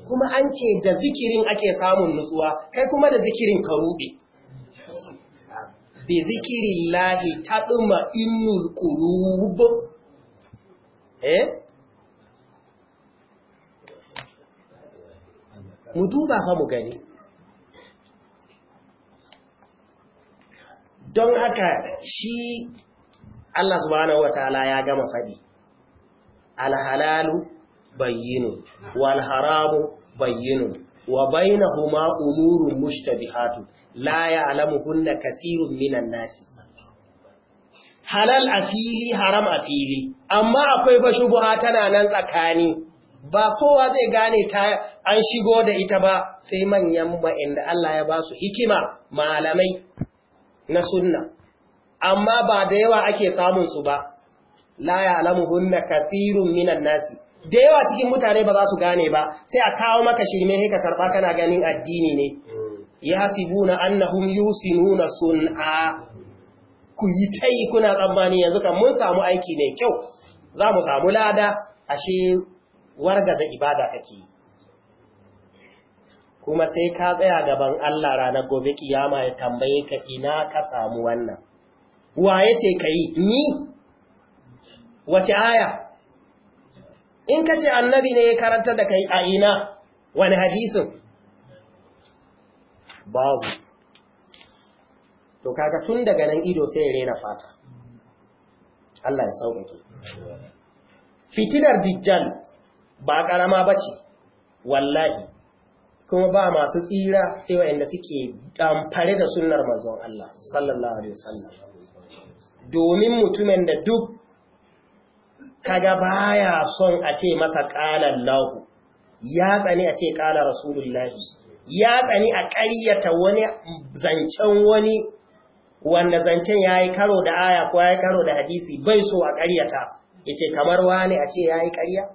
kuma an ce da zikirin ake samun nutsuwa kai kuma da zikirin ka rube bi zikirin lahi taɗuma innul ƙurubu eh mu duba fa mu gani don haka shi Allah subhanahu wa ta'ala ya gama faɗi alhalalu bayyinu walharamu bayyinu wa bainahuma umurun mushtabihatu la ya alamu hunna kasirun minan nasi halal a fili haram a fili amma akwai bashubuha tana nan tsakani ba kowa zai gane ta an shigo da ita ba sai manyan inda Allah ya ba su hikima malamai na sunna amma ba da yawa ake samun su ba la ya alamu hunna kathirun minan nasi da yawa cikin mutane ba za su gane ba sai a kawo maka shirme sai ka karɓa kana ganin addini ne Ya yahsibuna annahum yusinuna sun'a ku yi tai kuna tsammani yanzu kan mun samu aiki mai kyau za mu samu lada ashe wargaza ibada kake kuma sai ka tsaya gaban Allah ranar gobe kiyama ya tambaye ka ina ka samu wannan waye ce yi ni wace aya in ka ce annabi ne ya karanta da kai a ina wani hadisin babu to kaga tun daga nan ido sai ya rena fata Allah ya sauƙaƙe fitinar dijjal ba ƙarama bace wallahi kuma ba masu tsira sai waɗanda suke ɗamfare da sunnar manzon Allah sallallahu alaihi wasallam domin mutumin da duk kaga baya son a ce masa ƙalan lahu ya tsani a ce qala rasulullahi ya tsani a ƙaryata wani zancen wani wanda zancen ya yi karo da aya ko ya yi karo da hadisi bai so a ƙaryata ya ce kamar wani a ce ya yi ƙarya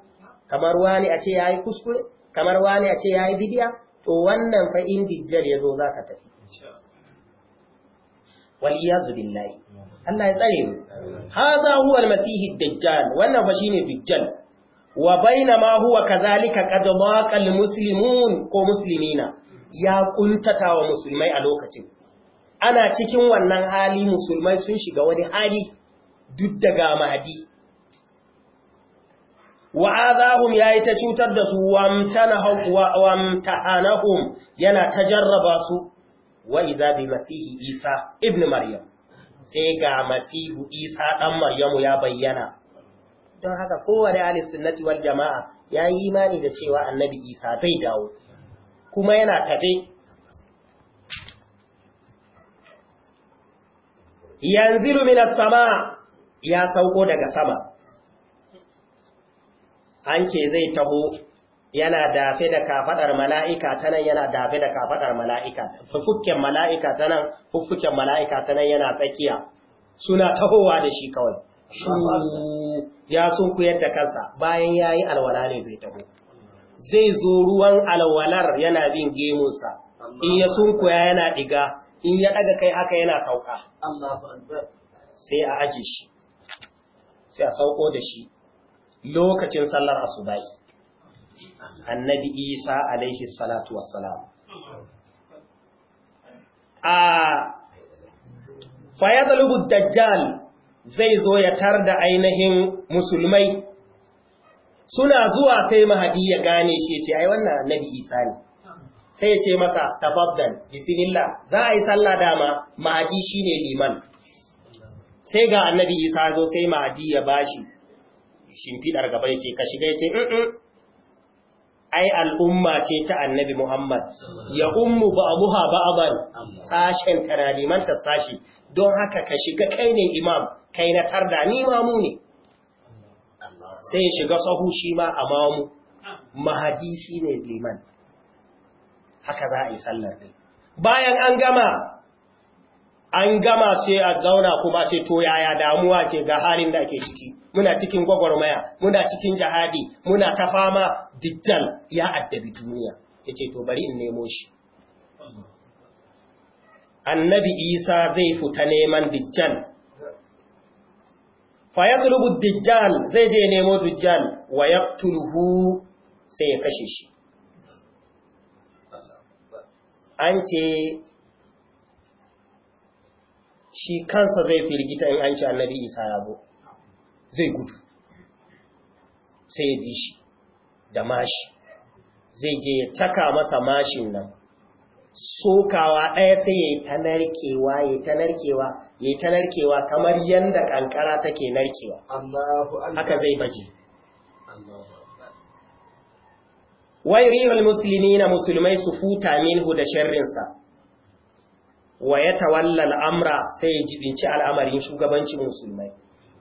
kamar wani a ce ya yi kuskure kamar wani a ce ya yi bidiya to wannan fa in ya zo za ka tafi waliyazu billahi Allah ya tsare mu hadha huwa al dajjal wannan fa ne dajjal wa bainama huwa kazalika qad daqa al-muslimun ko muslimina ya kuntata wa musulmai a lokacin ana cikin wannan hali musulmai sun shiga wani hali duk daga mahadi Wa'azahun ya yi ta cutar da su wamtahanahum yana ta jarraba su wa iza bi masihi isa ibn maryam sai ga masihu isa ɗan maryamu ya bayyana don haka kowane alisunati wal jama'a ya yi imani da cewa annabi isa zai dawo kuma yana tafe yanzilu minas sama ya sauko daga sama an ce zai taho yana dafe da kafadar mala'ika ta nan yana dafe da kafadar mala'ika Fufuken mala'ika ta nan fufuken mala'ika ta nan yana tsakiya suna tahowa da shi kawai ya sun kuyar da kansa bayan ya yi alwala ne zai taho zai zo ruwan alwalar yana bin gemunsa, in ya sunkuya yana diga. in ya ɗaga kai haka yana kauka. Sai a aji shi, sai a sauko da shi lokacin sallar asubai. Annabi Isa alaihi salatu wassalam. A fayadalubu dajjal zai zo ya tar da ainihin musulmai suna zuwa sai mahadi ya gane shi ya ce ai wannan annabi isa ne sai ya ce masa tafaddan bismillah za a yi sallah dama mahadi shine liman sai ga annabi isa zo sai mahadi ya bashi shimfidar gaba ya ce ka shiga ya ce ai al'umma ce ta annabi Muhammad, ya ummu ba abuha ba aban sashen kanadimanta sashi, don haka ka shiga kai ne imam, kai na tarda ni mamu ne. sai ya shiga sahu shi ma a mamu mahadi shi ne liman haka za a yi sallar ɗin bayan an gama an gama sai a zauna kuma sai to yaya damuwa ce ga halin da ake ciki muna cikin gwagwarmaya muna cikin jihadi muna ta fama dijjal ya addabi duniya ya ce to bari in nemo shi annabi isa zai fita neman dijjal fayatlubu dijjal zai je nemo dijjal wa yaqtuluhu sai ya kashe shi an ce shi kansa zai firgita in an ce annabi isa ya zo zai gudu sai ya bi shi da mashi zai je ya taka masa mashin nan sokawa ɗaya sai ya yi ta narkewa ya ta narkewa ya ta narkewa kamar yadda ƙanƙara take narkewa haka zai baje wai rihul musulmi na musulmai su futa minhu da sharrinsa wa ya tawalla al'amra sai ya jibinci al'amarin shugabancin musulmai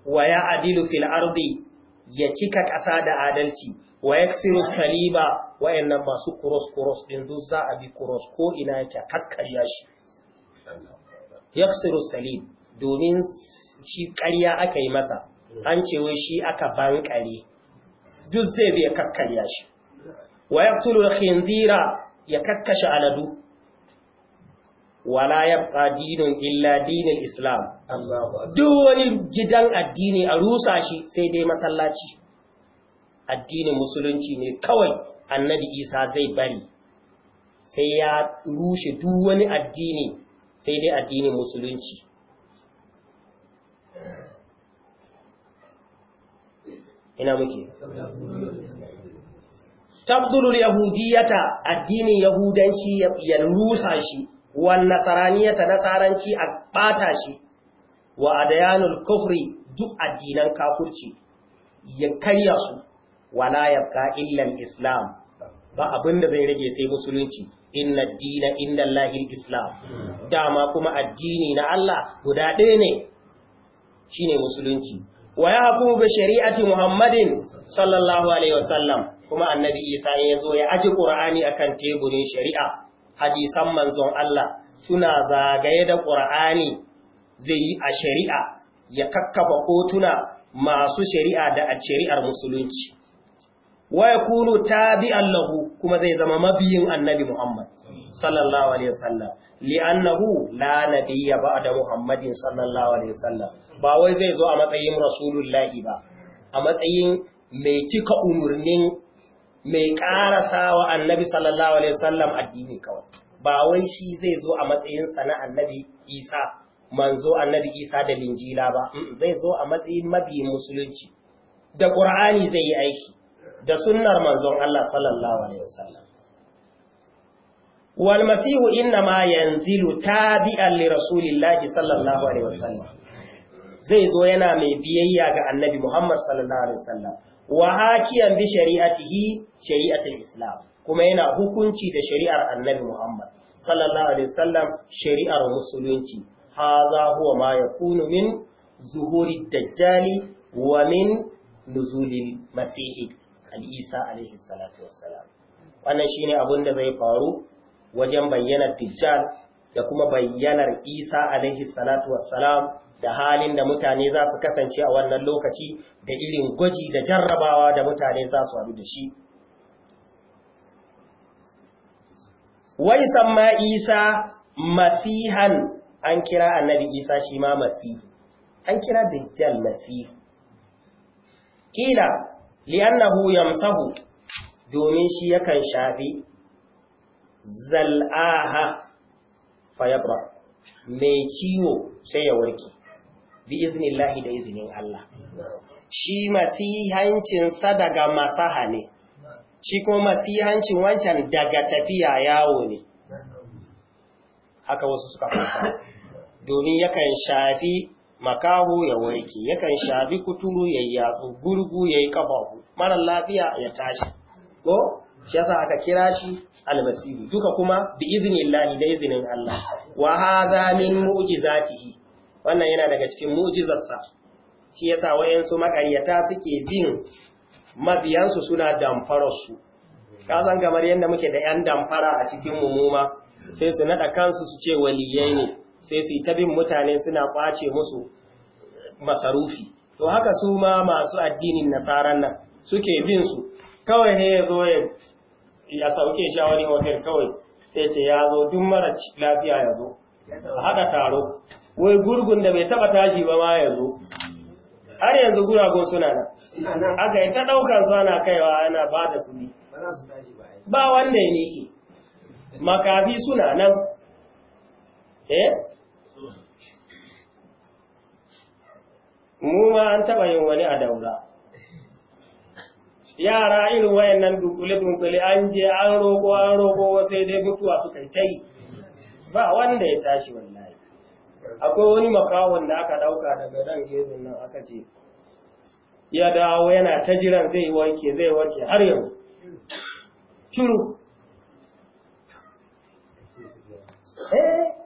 wa ya adilu fil ardi ya cika ƙasa da adalci wa ya saliba wayannan masu kuros-kuros ɗin duk za a bi kuros ko ina yake kakkarya shi yaksiru salim domin shi ƙarya aka yi masa an cewa shi aka bankare duk zai bi ya kakkarya shi wa yaqtulu al-khinzira ya kakkashe aladu wala yabqa dinun illa dinul islam duk wani gidan addini a rusa shi sai dai masallaci addinin musulunci ne kawai annabi isa zai bari sai ya rushe duk wani addini sai dai addinin musulunci ina muke tabdulul yahudiyata addinin yahudanci ya rusa shi wal ta nasaranci a bata shi wa adayanul kufri duk addinan kafurci ya karya su wala yabqa illa islam ba abinda zai rage sai musulunci inna dina inda Allahil Islam dama kuma addini na Allah guda ɗaya ne shine ne musulunci wa ya haku bi shari'ati Muhammadin sallallahu alaihi wasallam kuma annabi Isa ya zo ya aji Qur'ani akan teburin shari'a hadisan manzon Allah suna zagaye da Qur'ani zai yi a shari'a ya kakkafa kotuna masu shari'a da a shari'ar musulunci wa yakunu tabi Allahu kuma zai zama mabiyin annabi Muhammad sallallahu alaihi wasallam li'annahu la nabiyya ba'da Muhammadin sallallahu alaihi wasallam ba wai zai zo a matsayin rasulullahi ba a matsayin mai cika umurnin mai karasa wa annabi sallallahu alaihi wasallam addini kawai ba wai shi zai zo a matsayin sana annabi Isa manzo annabi Isa da linjila ba zai zo a matsayin mabiyin musulunci da Qur'ani zai yi aiki da sunnar manzon Allah sallallahu alaihi wasallam wal inna ma yanzilu tabi'an li rasulillahi sallallahu alaihi wasallam zai zo yana mai biyayya ga annabi Muhammad sallallahu alaihi wasallam wa hakiyan bi shari'atihi shari'atul islam kuma yana hukunci da shari'ar annabi Muhammad sallallahu alaihi wasallam shari'ar musulunci Hazahu huwa ma yakunu min zuhuri dajjali wa min nuzulin masihi kan isa alaihi salatu wassalam wannan shine abun da zai faru wajen bayyanar Dijjal, da kuma bayyanar isa alaihi salatu wassalam da halin da mutane za su kasance a wannan lokaci da irin gwaji da jarrabawa da mutane za su haɗu da shi wai ma isa masihan an kira annabi isa shi ma masihu an kira Dijjal masihu kila li'annahu yamsahu domin shi yakan shafi zal'aha fayabra mai ciwo sai ya warke bi iznillahi da izinin Allah shi masihancinsa daga masaha ne shi ko masihancin wancan daga tafiya yawo ne haka wasu suka fasa domin yakan shafi makaho ya warke yakan shafi kuturu ya yi yatsu gurgu ya yi kafafu marar lafiya ya tashi ko shi yasa aka kira shi almasiru duka kuma bi izini lahi da izinin Allah wa za min mu'jizatihi wannan yana daga cikin mu'jizarsa shi yasa wayansu maƙayyata suke bin mabiyansu suna damfarar su ka san kamar yadda muke da yan damfara a cikin mu sai su nada kansu su ce waliyai ne sai su yi ta bin mutane suna kwace musu masarufi to haka su ma masu addinin nasarar nan suke bin su kawai ne ya zo ya sauke shi a hotel kawai sai ce ya zo duk mara lafiya ya zo haɗa taro wai gurgun da bai taɓa tashi ba ma ya zo har yanzu guragun suna nan aka yi ta ɗaukar su ana kaiwa ana ba da kuɗi ba wanda ya miƙe makafi suna nan eh mu ma an taɓa yin wani a daura yara irin wayannan dunkule-dunkule an je an roƙo an roƙo sai dai mutuwa suka ta yi ba wanda ya tashi wallahi akwai wani makawon da aka ɗauka daga ɗan gezin nan aka ce ya dawo yana ta jiran zai wanke zai wanke har yau shiru eh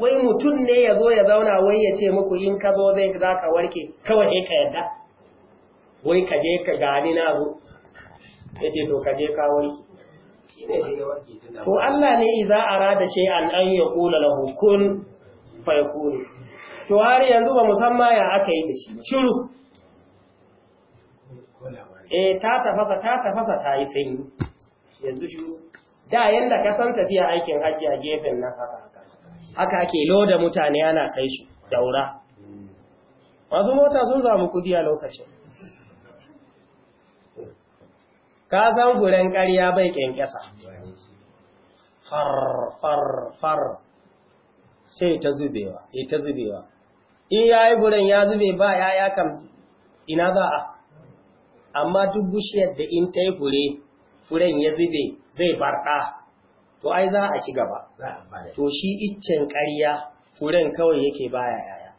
wai mutum ne ya zo ya zauna wai ya ce muku in ka zo zai za ka warke kawai ne ka yadda wai ka je ka gani na zo ya ce to ka je ka warke ko Allah ne iza arada shay'an an yaqula lahu kun fayakun to har yanzu ba musamman ya aka yi da shi shiru eh ta tafasa ta tafasa ta yi sanyi yanzu shiru da yanda ka san tafiya aikin hajji a gefen nan haka haka ake loda mutane ana kai su daura masu mota sun samu kudi a lokacin ka san guren ƙarya bai ƙyanƙyasa far far far sai ta zubewa sai ta zubewa in ya yi guren ya zube ba ya ya kam ina ba a amma duk bushiyar da in ta yi fure furen ya zube zai barka to ai za a ci gaba to shi iccen ƙarya kuren kawai yake baya yaya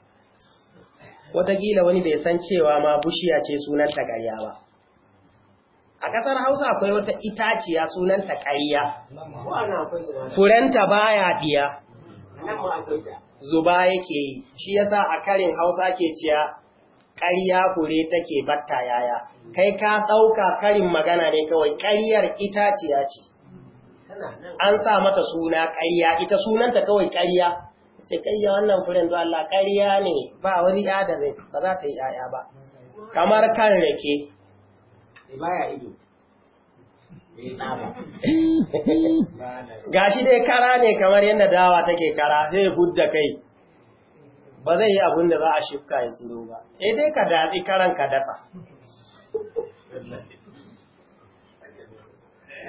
wataƙila wani bai san cewa ma bushiya ce sunanta ƙarya ba a ƙasar hausa akwai wata itaciya sunanta ƙarya furenta baya biya zuba yake yi shi yasa a karin hausa ke ciya ƙarya fure take batta yaya kai ka ɗauka karin magana ne kawai ƙaryar itaciya ce an sa mata suna ƙarya ita sunanta kawai ƙarya ce ƙarya wannan furen zuwa Allah ƙarya ne ba wani ya da zai ba za ta yi ƴaƴa ba kamar kan rake eh, eh, gashi dai kara ne kamar yadda dawa take kara sai gudda kai ba zai yi abin da za a shifka ya tsiro ba sai eh, dai ka datsi karan ka dasa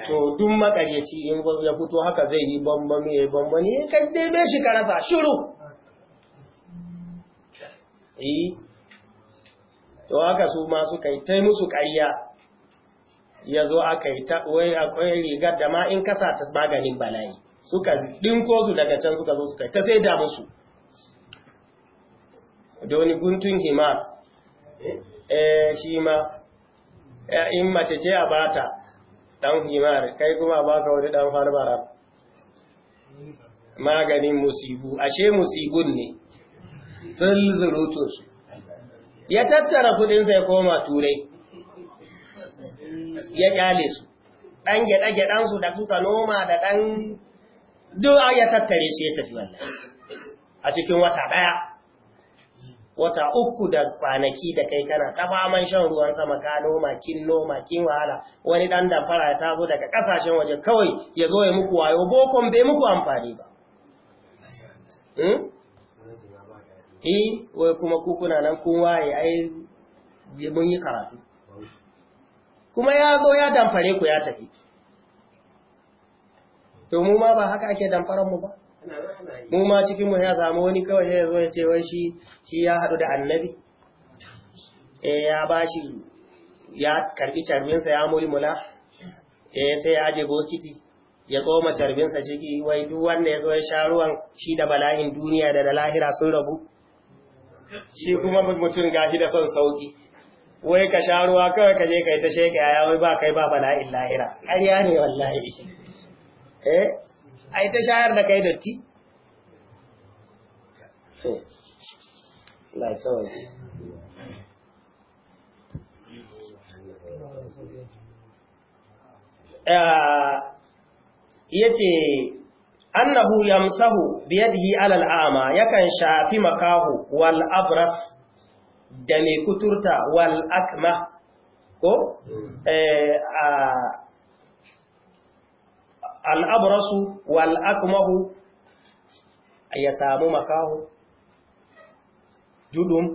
to duk makaryaci in ya fito haka zai yi bambami ya yi bambami ya kan debe shi ka rasa shiru yi eh. to haka su ma kai ta musu ƙayya ya zo aka yi ta wai akwai rigar da ma in kasa ta maganin balayi suka dinko su daga can suka zo suka kai ta sai da musu da wani guntun himar eh, eh shi ma eh, in mace ce a bata ɗan himar kai kuma baka wani ɗan farbara maganin musibu ashe musibun ne su. ya tattara kudinsa ya koma turai ya kyale su ɗan gyaɗa su da kuka noma da ɗan duk ya tattare shi ya tafi wallahi a cikin wata ɗaya wata uku da kwanaki da kai kana kafaman shan ruwan sama ka noma kin noma kin wahala wani dan fara ya tazo daga kasashen waje kawai ya zo ya muku wayo bokon bai muku amfani ba hmm? eh wai kuma kuna nan kun waye ai mun yi karatu kuma ya zo ya damfare ku ya tafi to mu ma ba haka ake damfaran mu ba mu ma cikin mu ya samu wani kawai ya zo ya ce wai shi shi ya hadu da annabi eh ya bashi ya karbi carbinsa ya mulmula eh sai ya je bokiti ya charmin carbinsa ciki wai duk wanda ya zo ya sha ruwan shi da bala'in duniya da da lahira sun rabu shi kuma mutum gashi da son sauki wai ka sha ruwa kawai ka je kai ta sheka ya wai ba kai ba bala'in lahira ƙarya ne wallahi eh a ta shayar da kai datti ya ce annahu yamsahu biyadihi alal ama yakan shafi makahu wal abraf da mai kuturta wal akma ko hmm. eh, al'abrasu wal'akmahu ya samu makaho judum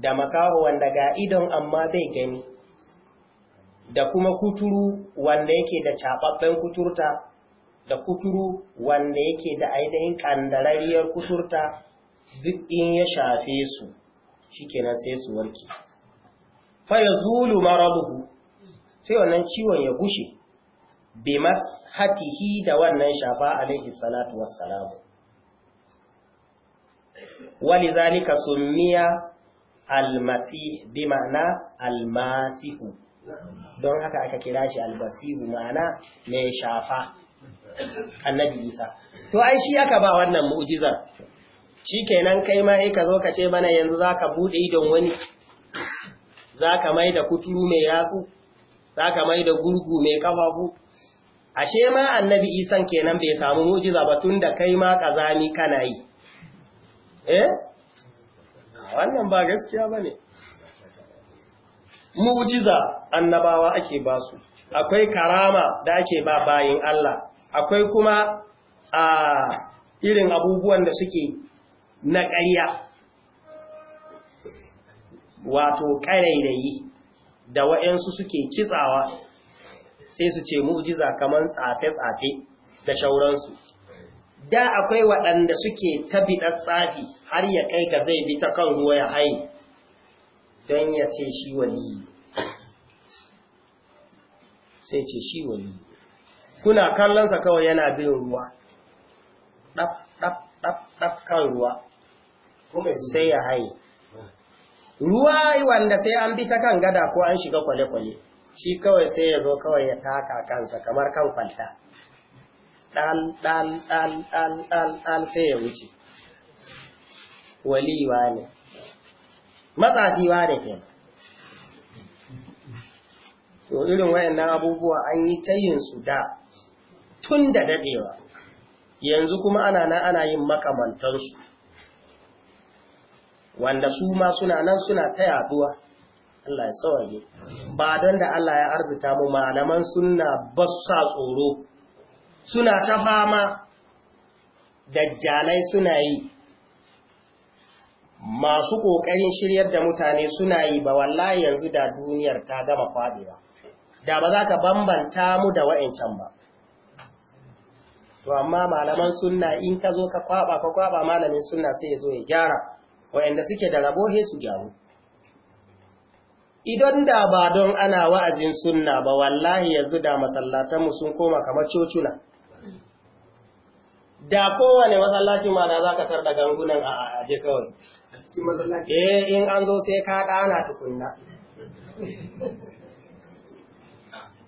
da makaho wanda ga idon amma bai gani da kuma kuturu wanda yake da caɓaɓɓen kuturta da kuturu wanda yake da ainihin ƙandarariyar kuturta duk in ya shafe su shikenan sai su warke fa ya zulu sai wannan ciwon ya gushe bi mashatihi da wannan shafa alaihi salatu wassalam walizalika summiya almasih bi ma'ana almasihu don haka aka kira shi albasihu ma'ana mai shafa annabi isa to ai shi aka ba wannan mu'jizar shikenan kai ma ai ka zo ka ce bana yanzu zaka bude idon wani zaka mai da kuturu mai yatsu zaka mai da gurgu mai kafafu ashe ma annabi isan kenan bai samu mujiza ba tun da kai ma kazami kana yi eh wannan ba gaskiya bane. mujiza annabawa ake ba su akwai karama da ake ba bayin Allah akwai kuma a irin abubuwan da suke na ƙarya wato ƙarairayi da wa'yansu suke kitsawa sai su ce mu'jiza kaman tsafe-tsafe da shauransu da akwai waɗanda suke tabi da tsafi har ya kai ka zai bi ta kan ruwa ya haye don ya ce shi wani sai ce shi wani kuna kallonsa kawai yana bin ruwa ɗaf ɗaf ɗaf ɗaf kan ruwa sai ya haye ruwa wanda sai an bi ta kan gada ko an shiga kwale-kwale shi kawai sai ya zo kawai ya taka kansa kamar kan kwalta ɗan-ɗan-ɗan sai ya wuce waliwa ne matsafiwa ne ke to irin wayannan abubuwa an yi ta yin su da tun da daɗewa yanzu kuma ana nan ana yin makamantansu wanda su ma suna nan suna ta yaduwa Allah ya tsawage ba don da Allah ya arzita mu malaman suna ba sa tsoro suna ta fama dajjalai suna yi masu ƙoƙarin shiryar da mutane suna yi ba wallahi yanzu da duniyar ta gama ba, da ba za ka bambanta mu da wa'ancan ba to amma malaman suna in ka zo ka kwaba ka kwaba malamin suna sai ya zo ya gyara wa'anda suke da rabo su gyaru idan da ba don ana wa'azin sunna ba wallahi yanzu da masallatanmu sun koma kamar cocuna da kowane masallaci ma na za ka tarda gangunan a aje kawai eh in an zo sai ka ɗana tukunna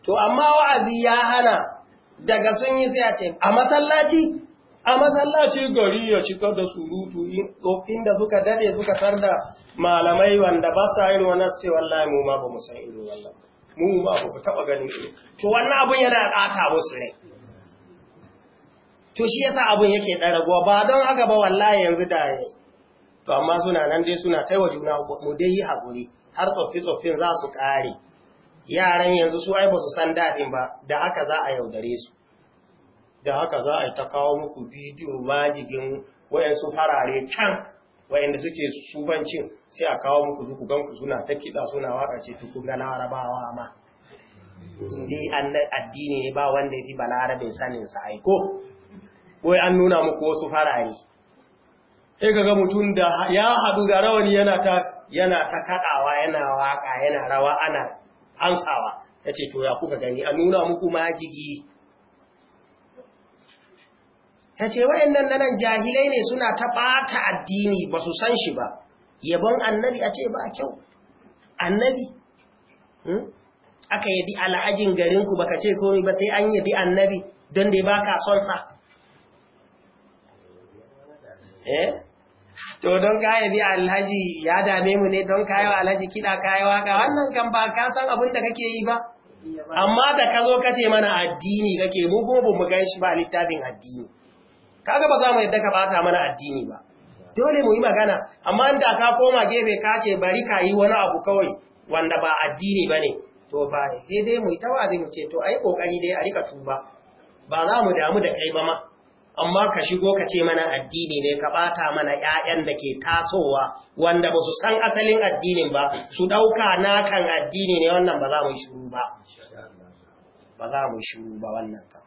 to amma wa'azi ya hana daga sun yi sai a ce a masallaci a masallaci gari ya cika da surutu inda suka dade suka tarda malamai wanda ba sa yin wannan sai wallahi mu ma ba mu san irin wannan mu ma ba ku taba ganin irin to wannan abun yana tsata musu ne to shi yasa abun yake dan raguwa ba don haka ba wallahi yanzu da to amma suna nan dai suna wa juna mu dai yi hakuri har tsoffi tsofin za su kare yaran yanzu su ai ba su san dadin ba da haka za a yaudare su da haka za a yi ta kawo muku bidiyo majigin wayansu farare can wayanda suke subancin sai a kawo muku duku ganku suna ta kiɗa suna waka ce tukun ga larabawa ma indi addini ne ba wanda ya fi balarabin saninsa ko: wai an nuna muku wasu farare sai ga mutum da ya haɗu ga rawani yana ta yana ta kaɗawa yana waka yana rawa ana amsawa ya ce to ya kuka gani a nuna muku majigi ta ce wa'yannan nanan jahilai ne suna ta ɓata addini ba su san shi ba yabon annabi a ce ba kyau annabi hmm? aka yabi al'ajin garinku baka ce komi ba sai an yabi annabi don da ba ka son sa eh to don ka bi alhaji ya dame mu ne don kayan alhaji kiɗa kayawa waka wannan kan ba ka san abin da kake yi ba amma da ka zo kace mana addini kake mu gobe mu gan shi ba littafin addini kaga ba za mu yadda ka bata mana addini ba dole mu yi magana amma inda ka koma gefe ka ce bari ka yi wani abu kawai wanda ba addini ba ne to ba sai dai mu yi ta wazi mu ce to ai kokari dai a rika tuba ba za mu damu da kai ba ma amma ka shigo ka ce mana addini ne ka bata mana ƴaƴan da ke tasowa wanda ba su san asalin addinin ba su dauka kan addini ne wannan ba za mu shuru ba ba za mu shuru ba wannan ka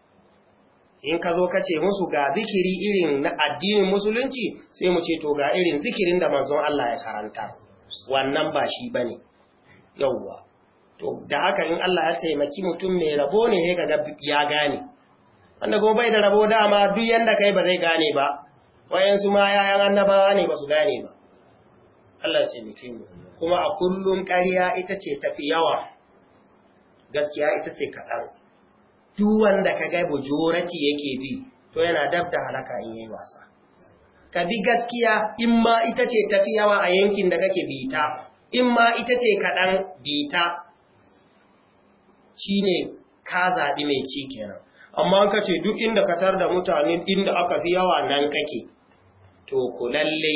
in ka zo ka ce musu ga zikiri irin na addinin musulunci sai mu ce to ga irin zikirin da manzon Allah ya karanta wannan ba shi bane yawwa to da haka in Allah ya taimaki mutum mai rabo ne sai kaga ya gane wanda kuma bai da rabo dama duk yanda kai ba zai gane ba wayansu ma yayan annabawa ne ba su gane ba Allah ya taimake mu kuma a kullum ƙarya ita ce tafi yawa gaskiya ita ce kaɗan duk da ka ga bujurati yake bi to yana dab da halaka in yi wasa ka bi gaskiya in ma ita ce tafi yawa a yankin da kake bita in ma ita ce kaɗan bita shine ka zaɓi mai ci kenan amma an kace duk inda ka tar da mutane inda aka fi yawa nan kake to ku lalle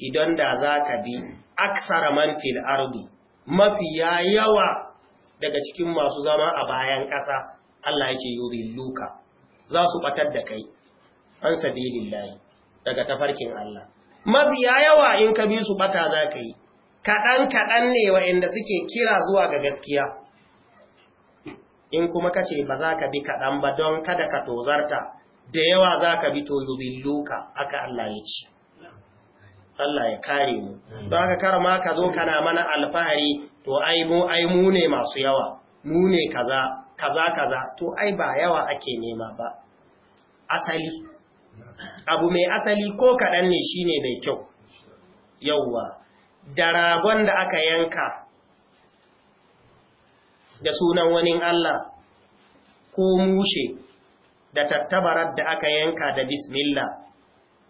idan da za ka bi aksara man fil ardi mafiya yawa daga cikin masu zama a bayan ƙasa Allah yake yuri luka za su batar da kai an sabilillahi daga tafarkin Allah mabiya yawa in ka bi su bata za ka yi kaɗan kaɗan ne inda suke kira zuwa ga gaskiya in kuma kace ba za ka bi kaɗan ba don kada ka tozarta da yawa za ka bi to yuri luka aka Allah ya ce Allah ya kare mu don haka kar ma ka zo kana mana alfahari to ai mu ai mu ne masu yawa mu ne kaza kaza kaza to ai ba yawa ake nema ba asali abu mai asali ko kaɗan ne shine mai kyau yauwa da ragon da aka yanka da sunan wani Allah ko mushe da tattabarar da aka yanka da bismillah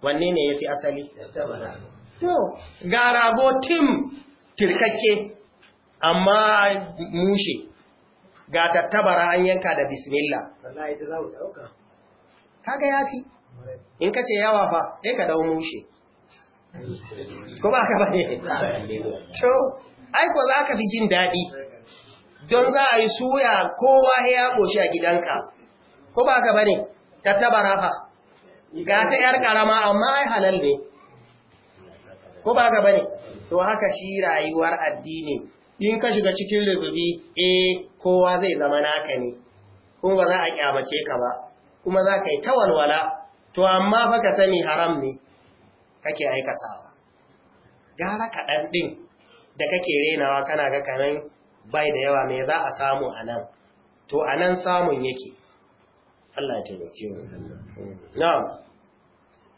wanne ne ya fi asali ga rago tim tirkakke amma mushe ga tattabara an yanka da bismillah kaga fi, in kace yawa fa sai ka dau mushe ko ba ka ne? to aiko za ka fi jin daɗi don za a yi suya kowa ya koshi a gidanka ko ba ka ba ne? tattabara fa ga ta yar karama amma ai halal ne ko ba ga bane to haka shi rayuwar addini in ka shiga cikin rububi eh kowa zai zama naka ne kuma ba za a kyamace ka ba kuma za ka yi ta walwala to amma fa ka sani haram ne kake aikatawa gara kaɗan ɗin da kake renawa kana ga kanan bai da yawa mai za a samu a nan to a nan samun yake Allah ya taimake mu na'am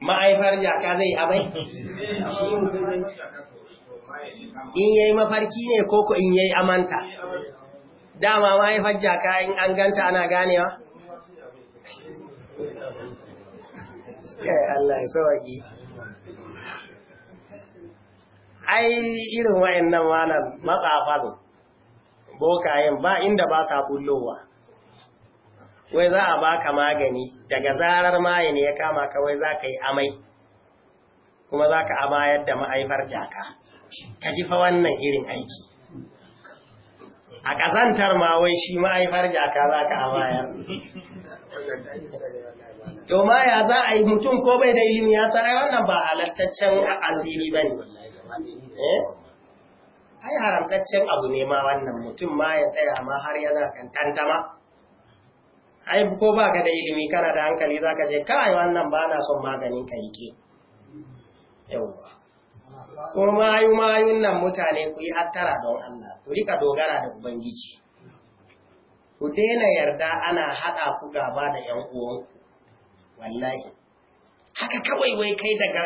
ma'aifar jaka zai amai in yayi mafarki ne ko ko in yayi amanta dama ma'aifar jaka in an ganta ana ganewa kai Allah ya sauki ai irin wa'annan malam matsafan kayan ba inda ba sa bullowa wai za a baka magani daga zarar maye ne ya kama ka wai za ka yi amai kuma za ka abayar da ma'aifar jaka ka ji fa wannan irin aiki a ƙazantar mawai shi ma'aifar jaka za ka abayar to ma ya za a yi mutum ko bai da yi ya sarai wannan ba halattaccen asiri ba ne eh? ai haramtaccen abu ne ma wannan mutum ma ya tsaya ma har yana tantama ai ko ba ka da ilimi kana da hankali za ka ce kawai wannan ba na son maganin ka yake yauwa kuma mayu mayun nan mutane ku yi hattara don Allah ku rika dogara da ubangiji ku daina yarda ana haɗa ku gaba da ‘yan uwanku wallahi haka kawai wai kai daga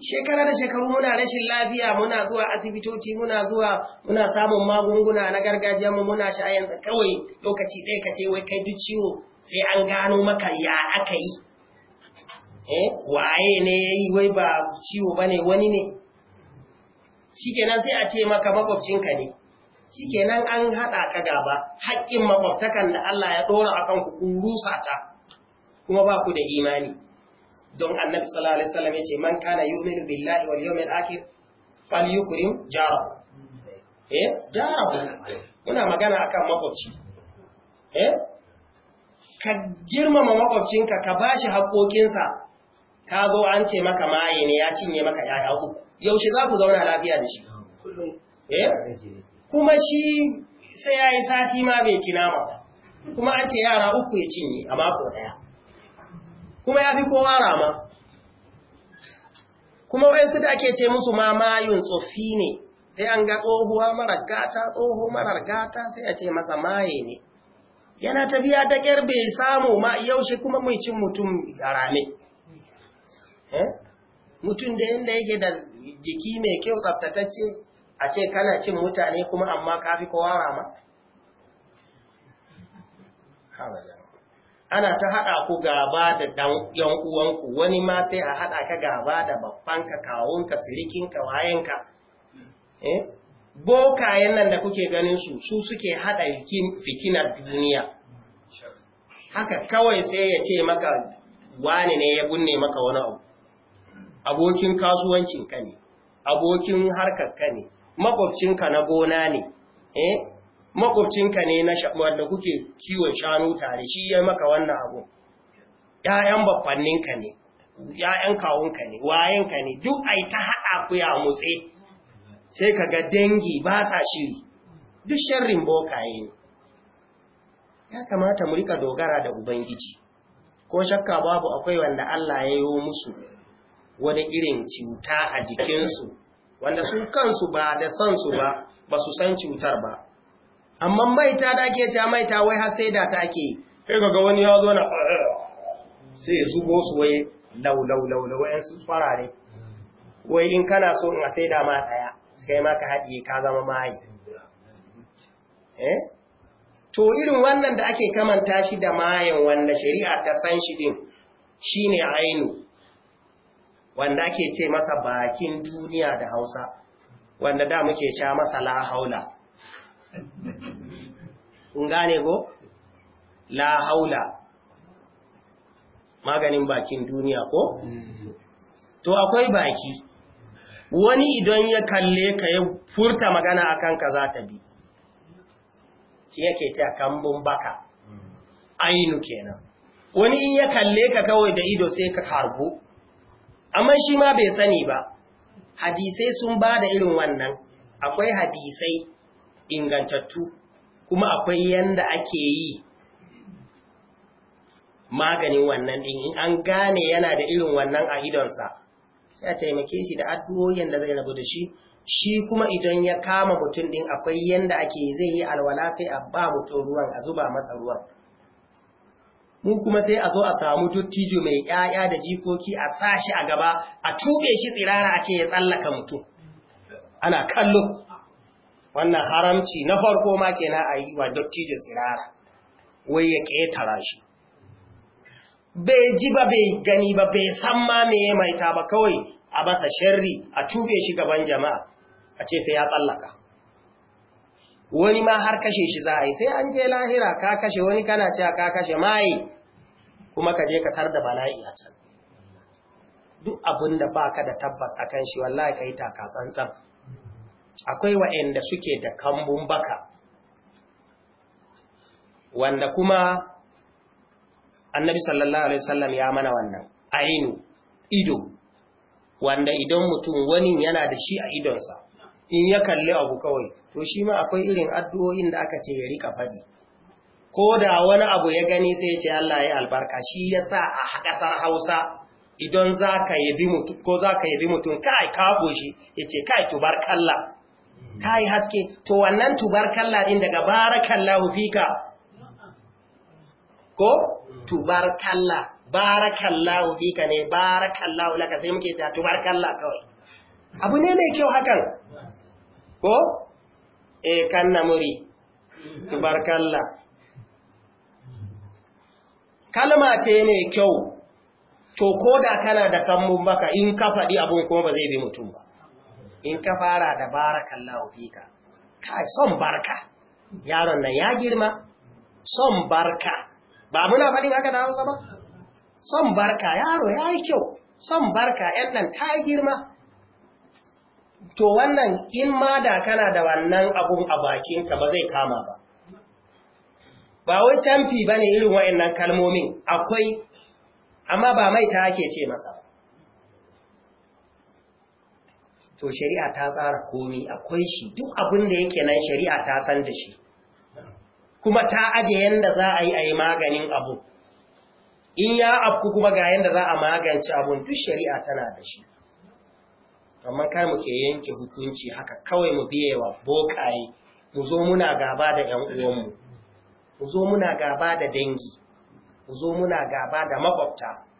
shekara da shekaru muna rashin lafiya muna zuwa asibitoci muna zuwa muna samun magunguna na gargajiya mu muna sha yanzu kawai lokaci ɗaya ka ce wai kai duk ciwo sai an gano maka ya aka yi eh waye ne yayi wai ba ciwo bane wani ne shikenan sai a ce maka makwabcinka ne shikenan an haɗa ka gaba haƙƙin makwabtakan da Allah ya ɗora akan ku rusa kuma ba ku da imani don annabi sallallahu alaihi wasallam yace man kana yu'minu billahi wal yawmil akhir falyukrim jarahu eh jarahu muna magana akan makwabci eh ka girmama makwabcinka ka bashi haƙoƙinsa ka zo an ce maka maye ne ya cinye maka yaya uku yaushe za ku zauna lafiya da shi eh kuma shi sai yayi sati ma bai ci nama kuma an ce yara uku ya cinye a mako daya kuma ya fi kowa rama kuma wayansu da ake ce musu mamayun tsoffi ne sai an ga tsohuwa marar gata tsoho marar gata sai a ce masa maye ne yana tafiya ta ƙyar samu ma yaushe kuma mai cin mutum rame eh? mutum da yadda yake da jiki mai kyau tsaftatacce a ce kana cin mutane kuma amma kafi kowa rama ana ta haɗa ku gaba da ɗan uwanku wani ma sai a haɗa ka gaba da babbanka kawunka sirikinka wayenka. Eh? bokayen nan da kuke ganin su su suke haɗa fikinar duniya haka kawai sai ya ce maka wani ne ya bunne maka wani abu abokin kasuwancinka ne abokin harkarka ne makwabcinka na gona ne eh? makwabcinka ne na wanda kuke kiwon shanu tare shi ya maka wannan abu ‘ya'yan babbanninka ne ‘ya'yan kawunka ne wayanka ne duk ai ta haɗa ku ya mutse sai ka ga dangi ba sa shiri duk sharrin bokaye ne ya kamata mu rika dogara da ubangiji ko shakka babu akwai wanda Allah ya yi musu wani irin cuta a jikinsu wanda su kansu ba da sansu ba ba su san cutar ba amma maita da ake ta mai ta wai har sai da ta ke. sai ga wani ya zo na eh, sai ya zubo su wai laulau wayan su farare wai in kana so in a sai da ma daya sai ma ka haɗiye ka zama mayi eh? to irin wannan da ake kamanta shi da mayan wanda shari'a ta san shi din shine ainu wanda ake ce masa bakin duniya da Hausa wanda da muke sha masa la haula in gane ko la haula maganin bakin duniya ko to akwai baki wani idan ya kalle ka ya furta magana akan ka za ta bi shi yake ta kambun baka ainu kenan wani in ya kalle ka kawai da ido sai ka harbu amma shi ma bai sani ba hadisai sun bada irin wannan akwai hadisai ingantattu kuma akwai yanda ake yi maganin wannan din in an gane yana da irin wannan a idonsa sai a taimake shi da addu'o'in da zai rabu da shi shi kuma idan ya kama mutum ɗin, akwai yanda ake zai yi alwala sai a ba mutum ruwan a zuba masa ruwan mu kuma sai a zo a samu dottijo mai ƴaƴa da jikoki a sa shi a gaba a tuɓe shi tsirara a ce ya tsallaka mutum ana kallo wannan haramci na farko ma kenan a yi wa da tsirara wai ya ƙetara shi bai ji ba bai gani ba bai san ma me maita ba kawai a basa sharri a tube shi gaban jama'a a ce sai ya tsallaka wani ma har kashe shi za a yi sai an je lahira ka kashe wani kana cewa ka kashe mai kuma ka je ka tar da bala'i a can duk abin da baka da tabbas akan shi wallahi kai taka tsantsan akwai wa'anda suke da kambun baka wanda kuma annabi sallallahu alaihi wasallam ya mana wannan ainu ido wanda idan mutum wani yana da shi a idonsa in ya kalli abu kawai to shi ma akwai irin addu'o'in da aka ce ya rika faɗi ko da wani abu ya gani sai ya ce Allah ya albarka shi ya sa a ƙasar hausa idan za ka yabi mutum ko za ka yabi mutum kai ka goshi ya ce kai ta yi haske to wannan tubarkalla din daga barakallahu fika ko tubarkalla barakallahu fika ne barakallahu laka sai muke ta tubarkalla kawai abu ne mai kyau hakan ko e kan muri, tubarkalla kalma ce ne kyau to ko da kana da kammun baka in ka faɗi abun kuma ba zai bi mutum ba in ka fara da barakallahu fika kai son barka yaron nan ya girma son barka ba muna faɗin haka da Hausa ba son barka yaro ya yi kyau son barka yan nan ta yi girma to wannan in ma da kana da wannan abun a bakinka ba zai kama ba ba wai canfi ba irin wa'annan kalmomin akwai amma ba mai ta ake ce masa to shari'a ta tsara komi akwai shi duk abin da yake nan shari'a ta san da shi kuma ta aje yadda za a yi a yi maganin abu in ya afku kuma ga yadda za a magance abun duk shari'a tana da shi amma kar mu ke yanke hukunci haka kawai mu biye wa bokaye mu zo muna gaba da ƴan uwan mu zo muna gaba da dangi mu zo muna gaba da makwabta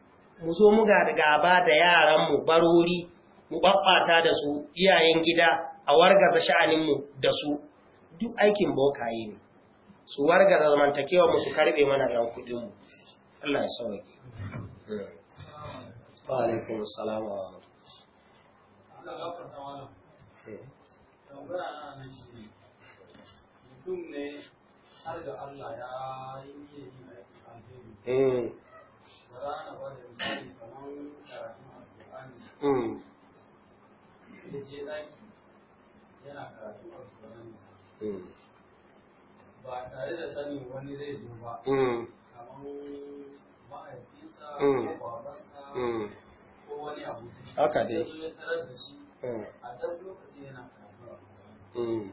mu zo muna gaba da yaranmu barori mu babbata da su iyayen gida a wargaza sha'aninmu da su duk aikin bokaye ne su wargaza zamantakewa mu su karbe mana yan mu Allah ya sauke wa alaikum assalam wa Allah ya yi ya je ɗaki yana karatu a hmm. ba tare da sanin wani zai zo ba hmm. kamar ma'aikinsa ko hmm. babansa ko wani abu ya tarar da shi a lokaci yana karatu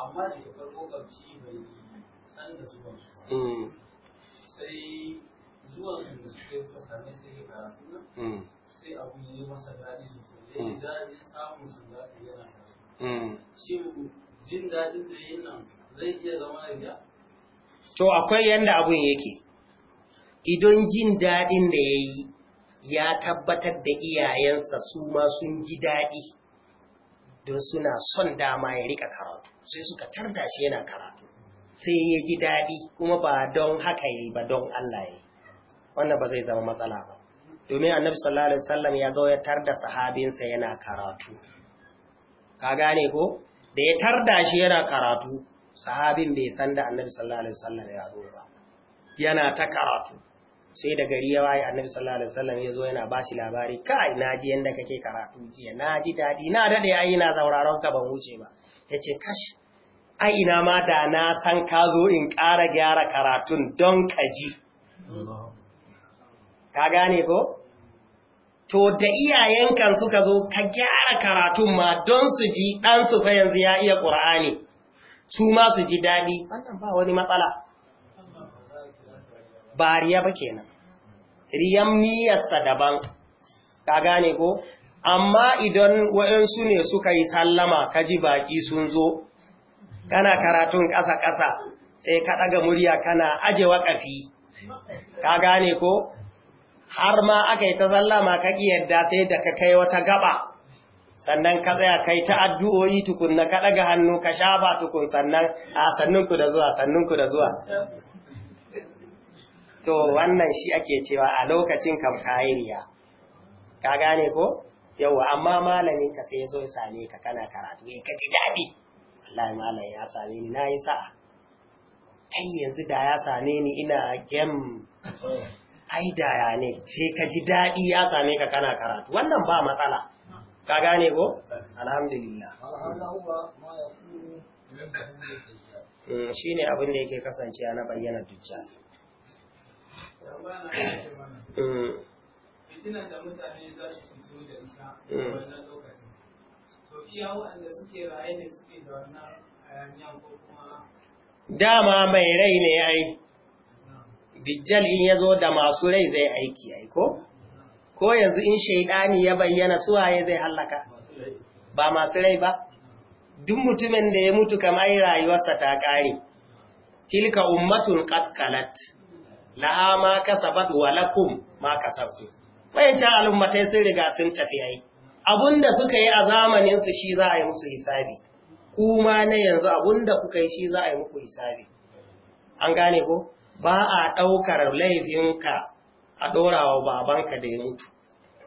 amma daga farko bai san da su sai zuwan da suke sai ya karatu sai abu yi masa daɗi jin daɗin da yi nan zai iya zama To akwai yadda abun yake, idan jin daɗin da ya yi ya tabbatar da iyayensa su ma sun ji daɗi don suna son dama ya rika karatu, sai suka tarda shi yana karatu, sai ya ji daɗi kuma ba don haka ya yi ba don Allah ya yi, wannan ba zai zama matsala ba. domin annabi sallallahu alaihi wasallam ya zo ya tarda sahabinsa yana karatu ka gane ko da ya tarda shi yana karatu sahabin bai san da annabi sallallahu alaihi wasallam ya zo ba yana ta karatu sai da gari ya waye annabi sallallahu alaihi wasallam ya zo yana ba shi labari kai naji yanda kake karatu jiya naji dadi na dade yayi na zauraron ka ban wuce ba yace kash ai ina ma da na san ka zo in ƙara gyara karatun don kaji Allah ka gane ko to da iyayenkan suka zo ka gyara karatun ma don su ji ɗansu fa yanzu ya iya ƙur'ani su ma su ji daɗi wannan ba wani matsala ba riya ba kenan riyan niyarsa daban ka gane ko amma idan waɗansu ne suka yi sallama ka ji baƙi sun zo kana karatun ƙasa-ƙasa sai ka ɗaga murya kana aje waƙafi ka gane ko har ma aka yi ta sallama ka yadda sai da ka kai wata gaba sannan ka tsaya kai ta addu'o'i na ka ga hannu ka shafa tukun sannan a sannunku da zuwa sannunku da zuwa to wannan shi ake cewa a lokacin kam kayiriya ka gane ko yawa amma malamin ka sai so same ka kana karatu ya eh, ka ji daɗi wallahi malam ya same ni na, yi sa'a kai yanzu da ya same ni ina gem ai daya ne sai ka ji daɗi ya same ka kana karatu wannan ba matsala ka gane ko alhamdulillah mm, shi ne abin da yake kasancewa na bayyana dujjal mm. fitinan da mutane za su fito da ita mm. wannan lokacin to iya waɗanda suke raye ne suke da wannan hayaniya ko kuma dama mai rai ne ai dijjal in ya zo da masu rai zai aiki aiko ko yanzu in shaidani ya bayyana ya zai hallaka ba masu rai ba duk mutumin da ya mutu kamar rayuwarsa ta kare tilka ummatun qad laha ma kasabat wa lakum ma Wai wayancan al'ummatai sun riga sun tafi ai abunda suka yi a zamaninsu shi za a yi musu hisabi kuma na yanzu abunda kuka yi shi za a yi muku hisabi an gane ko ba a ɗaukar laifinka a ɗora wa babanka da ya mutu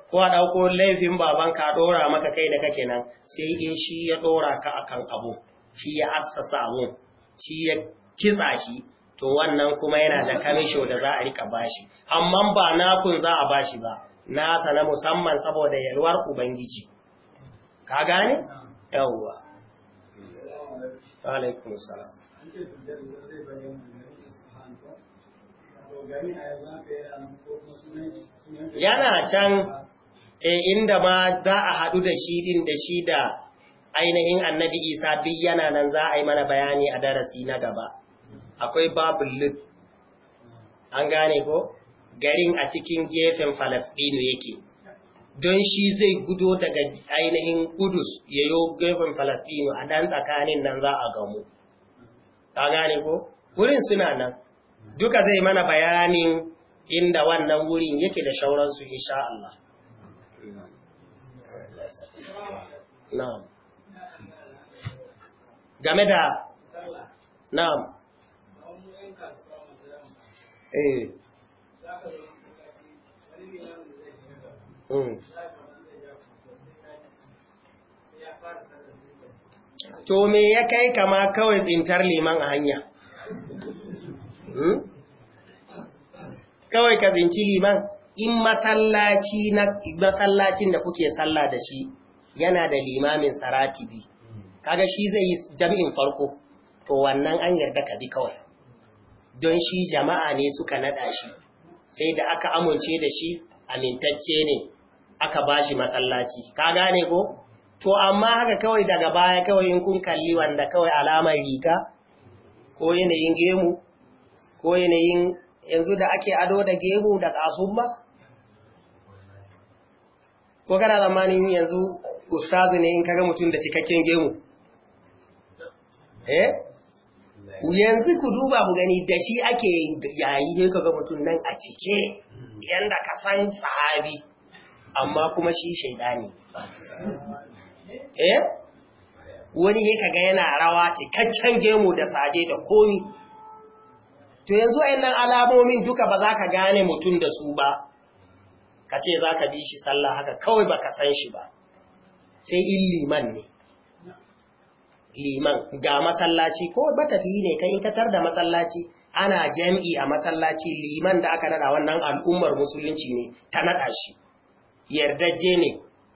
ko a ɗauko laifin babanka a ɗora maka kai da kake nan sai in shi ya ɗora ka a kan abu shi ya assasa abu shi ya kitsa shi to wannan kuma yana da kamisho da za a rika bashi amma ba nakun za a bashi ba nasa na musamman saboda yalwar ubangiji ka gane yawwa alaikum yana can eh, inda ma za a haɗu da shi ɗin da shi da ainihin annabi isa duk yana nan za a yi mana bayani a darasi na gaba akwai babin lut an gane ko garin a cikin gefen falasɗinu yake don shi zai gudo daga ainihin kudus ya yi gefen falasɗinu a ɗan tsakanin nan za a gamu ta gane ko wurin suna nan duka zai mana bayanin inda wannan wurin yake da shauransu insha Allah. Na'am. Game da Na'am. Eh. Hmm. To me ya kai kama kawai tsintar liman a hanya? Hmm? kawai ka zinci liman in masallaci masallacin da kuke sallah da shi yana da limamin sarati bi kaga shi zai yi jami'in farko to wannan an yarda ka bi kawai don shi jama'a ne suka nada shi sai da aka amince da shi amintacce ne aka ba shi masallaci ka gane ko to amma haka kawai daga baya kawai in kun kalli wanda kawai alamar riga ko yanayin gemu ko yanayin yanzu da ake ado da gemu da ƙasun ba? Ko kana zamanin yanzu ustazi ne in kaga mutum da cikakken gemu? Eh? Yanzu ku duba ku gani da shi ake yayi ne kaga mutum nan a cike yanda ka san sahabi, amma kuma shi shaidani. Eh? Wani ne kaga yana rawa cikakken gemu da saje da komi. to yanzu a wayannan alamomin duka ba za ka gane mutum da su ba ka ce za ka bi shi sallah haka kawai ba ka san shi ba sai in liman ne liman ga masallaci ko matafi ne ka in katar da masallaci ana jam'i a masallaci liman da aka nada wannan al'ummar musulunci ne ta nada shi yardaje ne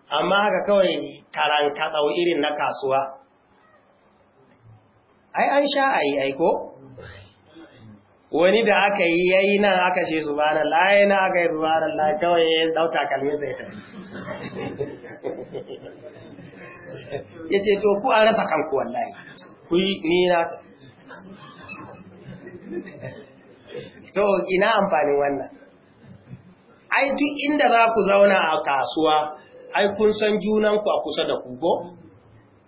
amma haka kawai karanta tsawo irin na kasuwa ai an sha yi aiko wani da aka yi ya yi nan aka ce subhanallah yayi nan aka yi subhanallah kawai ya dauka kalmi sai ta ce to ku an rasa kanku wallahi ku ni na ta to ina amfanin wannan ai duk inda za ku zauna a kasuwa ai kun san junanku a kusa da ku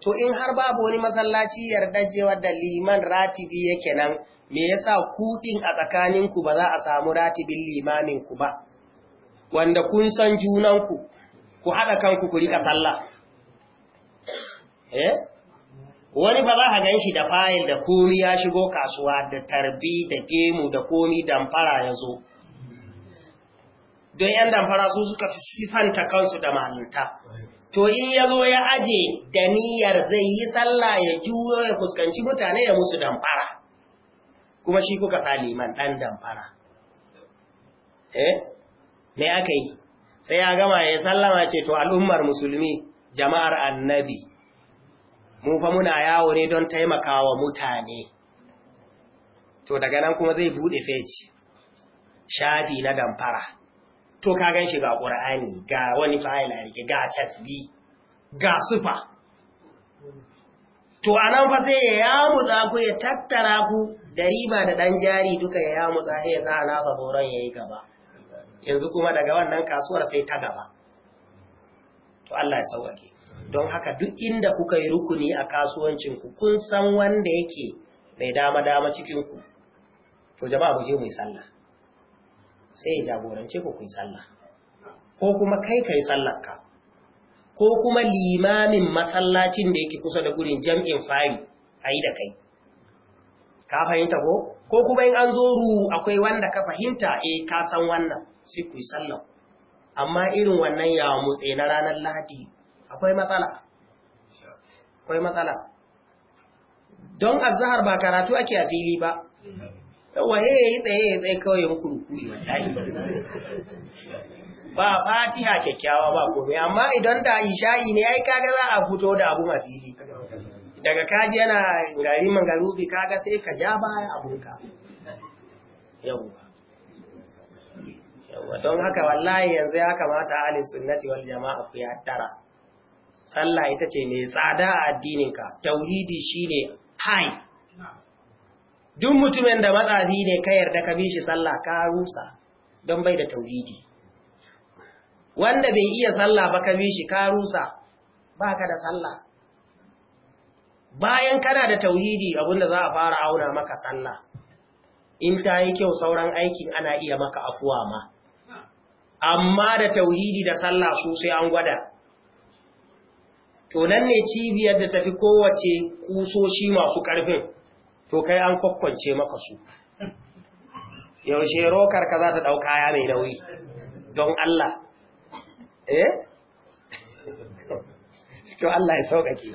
to in har babu wani masallaci yardajewa da liman ratibi yake nan me yasa kuɗin a tsakaninku ba za a samu ratibin limaminku ba, wanda kun san junanku, ku haɗa kanku ku rika sallah. Eh? Wani ba za a gan shi da fayil da komi ya shigo kasuwa da tarbi da gemu da komi damfara ya zo. Don ‘yan damfara su suka fi sifanta kansu da malinta. To, in ya zo ya aje da niyyar zai yi sallah ya juyo ya fuskanci mutane ya musu damfara. kuma shi kuka saliman ɗan damfara eh me aka yi sai ya gama ya sallama ce to al'ummar musulmi jama'ar annabi mu fa muna yawo ne don taimakawa mutane to daga nan kuma zai buɗe feci shafi na damfara to ka gan shi ga ƙur'ani ga wani fayil a rike ga casbi ga sufa to a fa sai ya yamu za ku ya tattara ku da riba da ɗan jari duka ya yamu tsaye za a lafa boron ya yi gaba yanzu kuma daga wannan kasuwar sai ta gaba to Allah ya sauƙaƙe don haka duk inda kuka yi rukuni a kasuwancinku kun san wanda yake mai dama-dama cikinku to jama'a mu mu yi sallah sai ya jagorance ku ku yi sallah ko kuma kai ka yi ka ko kuma limamin masallacin da yake kusa da gurin jam'in fari a yi da kai ka fahimta ko ko kuma in an zo ruhu akwai wanda ka fahimta eh ka san wannan sai ku yi sallah amma irin wannan ya mutse na ranar lahadi akwai matsala akwai matsala don azhar ba karatu ake a fili ba eh yi tsaye tsaye kawai ya kurkuri wallahi ba fatiha kyakkyawa ba komai amma idan da isha'i ne ai kaga za a fito da abu a fili daga kaji yana gari mangarubi kaga sai ka ja baya abunka yawwa yawwa don haka wallahi yanzu ya kamata ahli sunnati wal jama'a ku ya tara sallah ita ce mai tsada a addininka tauhidi shine hai duk mutumin da matsafi ne ka yarda ka bi shi sallah ka rusa don bai da tauhidi wanda bai iya sallah ba ka bi shi ka rusa ba ka da sallah bayan kana da tauhidi abinda za a fara auna maka sallah in ta yi kyau sauran aikin ana iya maka afuwa ma amma da tauhidi da sallah su sai an gwada to nan ne cibiyar da tafi kowace kusoshi masu ƙarfin to kai an kwakwance maka su yaushe rokar ka za ta ɗauka ya mai nauyi don Allah eh to Allah ya sauƙaƙe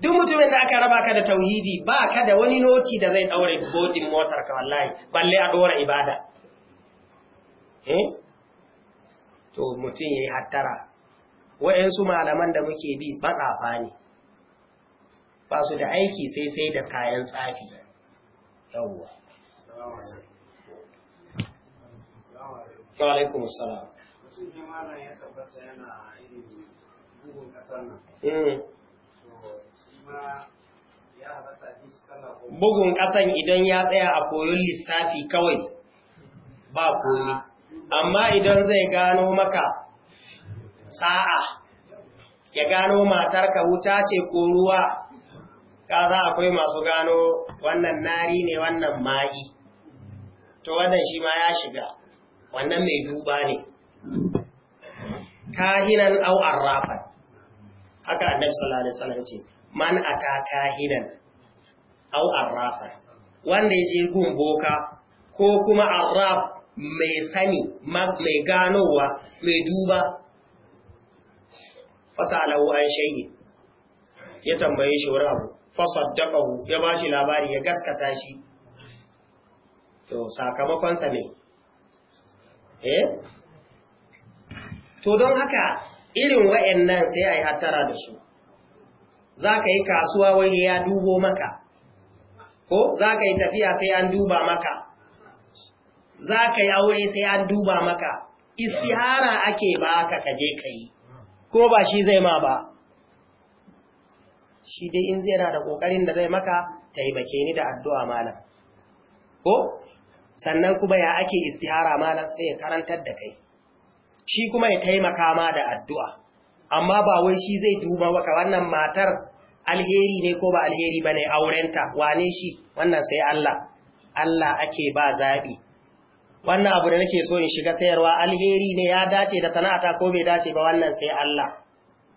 duk mutumin da aka raba ka da tauhidi ba ka da wani noti da zai daure bodin motar ka wallahi balle a dora ibada eh to mutum yayi hattara wayansu malaman da muke bi tsafa ne ba su da aiki sai sai da kayan tsafi yawwa wa alaikumus salam mutum ya yana bugun ƙasan eh. idan ya tsaya a koyon lissafi kawai ba komi amma idan zai gano maka sa'a ya gano matarka wuta ce ko ruwa kaza akwai masu gano wannan nari ne wannan ma'i to wannan shi ma ya shiga wannan mai duba ne kahinan au'ar rafat haka annabi sallallahu alaihi wasallam ce man ata kahinan aw arrafa wanda yaje gun boka ko kuma arraf mai sani mai ganowa mai duba fasalahu an shayyi ya tambaye shi wani fasaddaqahu ya bashi labari ya gaskata shi to sakamakon sa ne eh to don haka irin wayannan sai a yi hattara da su za ka yi kasuwa wai ya dubo maka ko za ka yi tafiya sai an duba maka za ka yi aure sai an duba maka istihara ake ba ka kaje ka yi ko ba shi zai ma ba shi dai in zai na da ƙoƙarin da zai maka ta yi taimake ni da addu'a malam ko sannan kuma ya ake istihara malam sai ya karantar da kai shi kuma ya taimaka ma da addu'a amma ba wai shi zai duba waka wannan matar alheri ne ko ba alheri ba ne aurenta wane shi wannan sai Allah Allah ake ba zaɓi wannan abu da nake so in shiga sayarwa alheri ne ya dace da sana'ata ko bai dace ba wannan sai Allah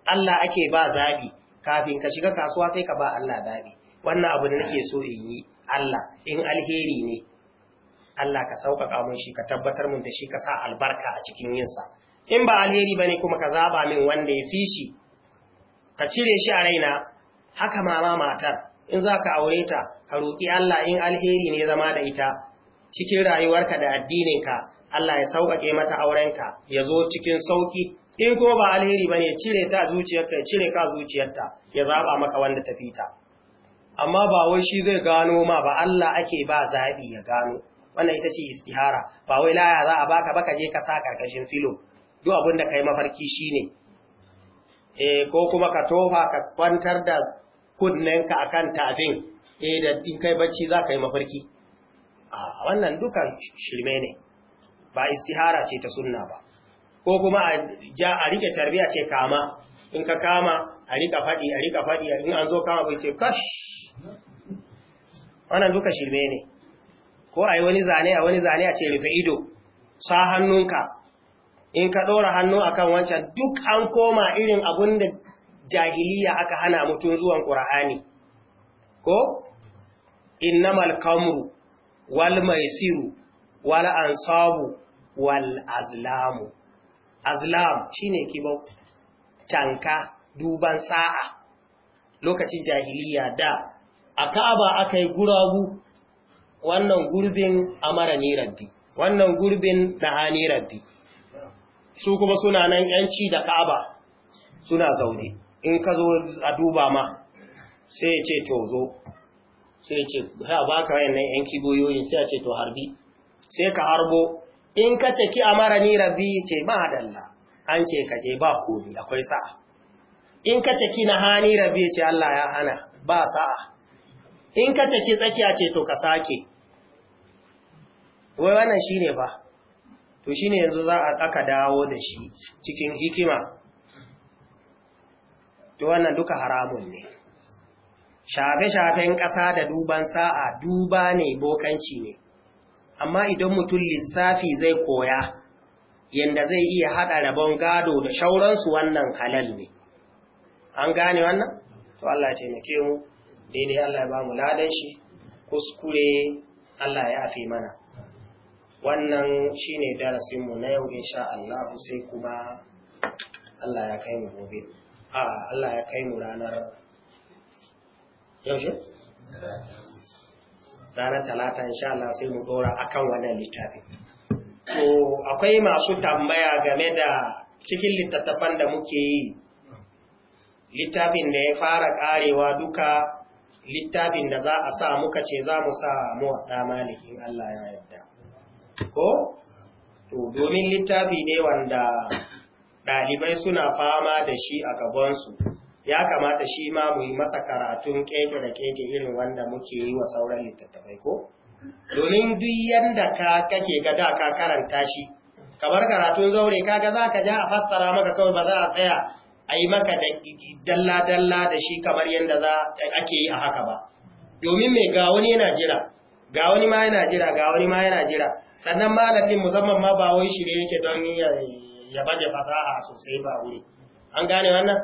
Allah ake ba zaɓi kafin ka shiga kasuwa sai ka ba Allah zaɓi wannan abu da nake so in yi Allah in alheri ne Allah ka sauƙaƙa mun shi ka tabbatar mun da shi ka sa albarka a cikin yinsa in ba alheri bane kuma ka zaba min wanda ya fi shi ka cire shi a raina haka mama matar in za ka aure ta ka roƙi Allah in alheri ne zama da ita cikin rayuwarka da addininka Allah ya sauƙaƙe mata aurenka ya zo cikin sauƙi in kuma ba alheri bane cire ta zuciyarka ya cire ka zuciyarta ya zaba maka wanda ta fita amma ba wai shi zai gano ma ba Allah ake ba zaɓi ya gano wannan ita ce istihara ba wai laya za a baka baka je ka sa karkashin filo duk abin da kai mafarki ne. eh ko kuma ka tofa ka kwantar da kunnenka akan tafin, e da in kai bacci za ka yi mafarki a wannan dukan shirme ne ba istihara ce ta sunna ba ko kuma a rike tarbiya ce kama in ka kama a rika faɗi a rika faɗi in an zo kama bai ce kash wannan duka shirme ne ko a yi wani zane a wani zane a ce rufe ido sa hannunka in ka ɗora hannu a kan wancan duk an koma irin abun da jahiliya aka hana mutum zuwan ƙura'ani ko innamal kamru wal maisiru wal ansabu wal azlamu azlam shine kibau tanka duban sa'a lokacin jahiliya da a ka'aba aka yi guragu wannan gurbin amara ni rabbi wannan gurbin hannu rabbi su kuma suna nan yanci da ka'aba suna zaune in ka zo a duba ma sai ya ce to zo sai ya ce ha ba ka nan yanki kiboyoyin sai ya ce to harbi sai ka harbo in ka ce ki amara ni rabi ce ba dalla an ce ka je ba komi akwai sa'a in ka ce ki na hani rabi ce Allah ya hana ba sa'a in ka ce ki tsakiya ce to ka sake wai wannan shine ba. to shi ne yanzu za a aka dawo da shi cikin hikima to wannan duka haramun ne shafe-shafen ƙasa da duban sa'a duba ne bokanci ne amma idan mutum lissafi zai koya yadda zai iya haɗa rabon gado da shauransu wannan halal ne an gane wannan to Allah ya taimake mu daidai Allah ya ba mu ladan shi kuskure Allah ya afe mana wannan shine darasinmu na yau insha Allah sai kuma Allah ya kai mu gobe a Allah ya kai mu ranar yaushe ranar talata insha Allah sai mu dora akan wannan littafi to akwai masu tambaya game da cikin littattafan da muke yi littafin da ya fara karewa duka littafin da za a sa muka ce za mu sa mu wa in Allah ya yarda ko to domin littafi ne wanda ɗalibai suna fama da shi a gabansu ya kamata shi ma mu yi masa karatun keke da keke irin wanda muke yi wa sauran littattafai ko domin duk yanda ka kake ga da ka karanta shi kamar karatun zaure kaga za ka ja a fassara maka kawai ba za a tsaya a yi maka da dalla-dalla da shi kamar yadda za ake yi a haka ba domin mai ga wani yana jira ga wani ma yana jira ga wani ma yana jira sannan malamin musamman ma ba wai shirye yake don ya baje fasaha sosai ba wuri an gane wannan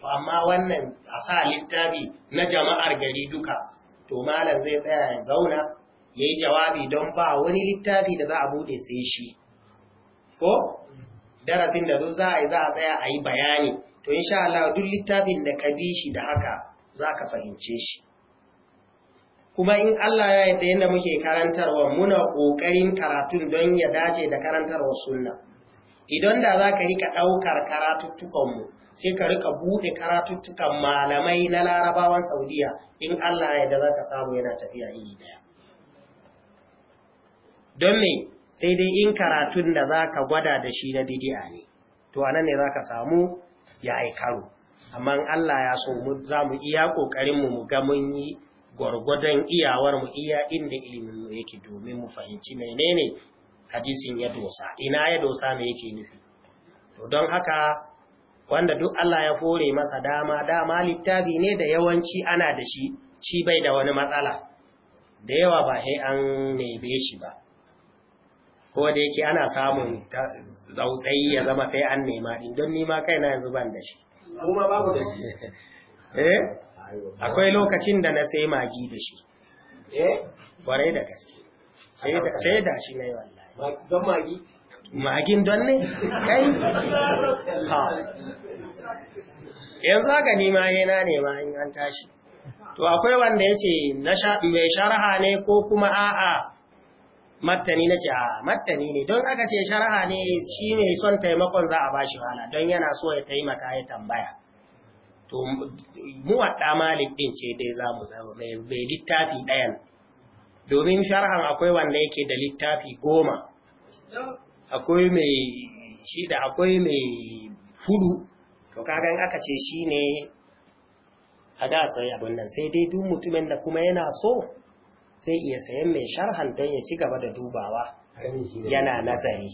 to amma wannan a sa littafi na jama'ar gari duka to malam zai tsaya ya zauna yayi jawabi don ba wani littafi da za a bude sai shi ko darasin da za a yi za a tsaya a yi bayani to insha Allah duk littafin da ka bi shi da haka za ka fahimce shi kuma in Allah ya yadda yadda muke karantarwa muna ƙoƙarin karatun don ya dace da karantarwa sunna idan da za ka rika ɗaukar karatuttukanmu sai ka rika buɗe karatuttukan malamai na larabawan saudiya in Allah ya yadda za ka samu yana tafiya yi ɗaya don me sai dai in karatun da za ka gwada da shi na bidiya ne to anan ne za ka samu ya yi karo amma Allah ya so za mu iya ƙoƙarinmu mu ga mun yi gwargwadon iyawar mu iya inda ilimin mu yake domin mu fahimci menene hadisin ya dosa ina ya dosa me yake nufi to don haka wanda duk Allah ya fore masa dama dama littafi ne da yawanci ana da shi shi bai da wani matsala da yawa ba sai an nebe shi ba ko da yake ana samun zautsayi ya zama sai an nema din don nima kaina yanzu ban da shi kuma babu da shi eh akwai lokacin da na sai magi da shi eh? kwarai da gaske sai da shi na yi wallahi don magi magin don ne kai ha yanzu haka nima yana nema in an tashi to akwai wanda ya ce mai sharaha ne ko kuma a'a mattani na ce a mattani ne don aka ce sharha ne shi ne son taimakon za a ba shi hana, don yana so ya taimaka ya tambaya to wadda malik din ce dai za mu zama mai littafi ɗayan domin sharhan akwai wanda yake da littafi goma akwai mai shida akwai mai hudu to kagan aka ce shi ne a ga akwai abin sai dai duk mutumin da kuma yana so sai iya sayan mai sharhan don ya ci gaba da dubawa yana nazari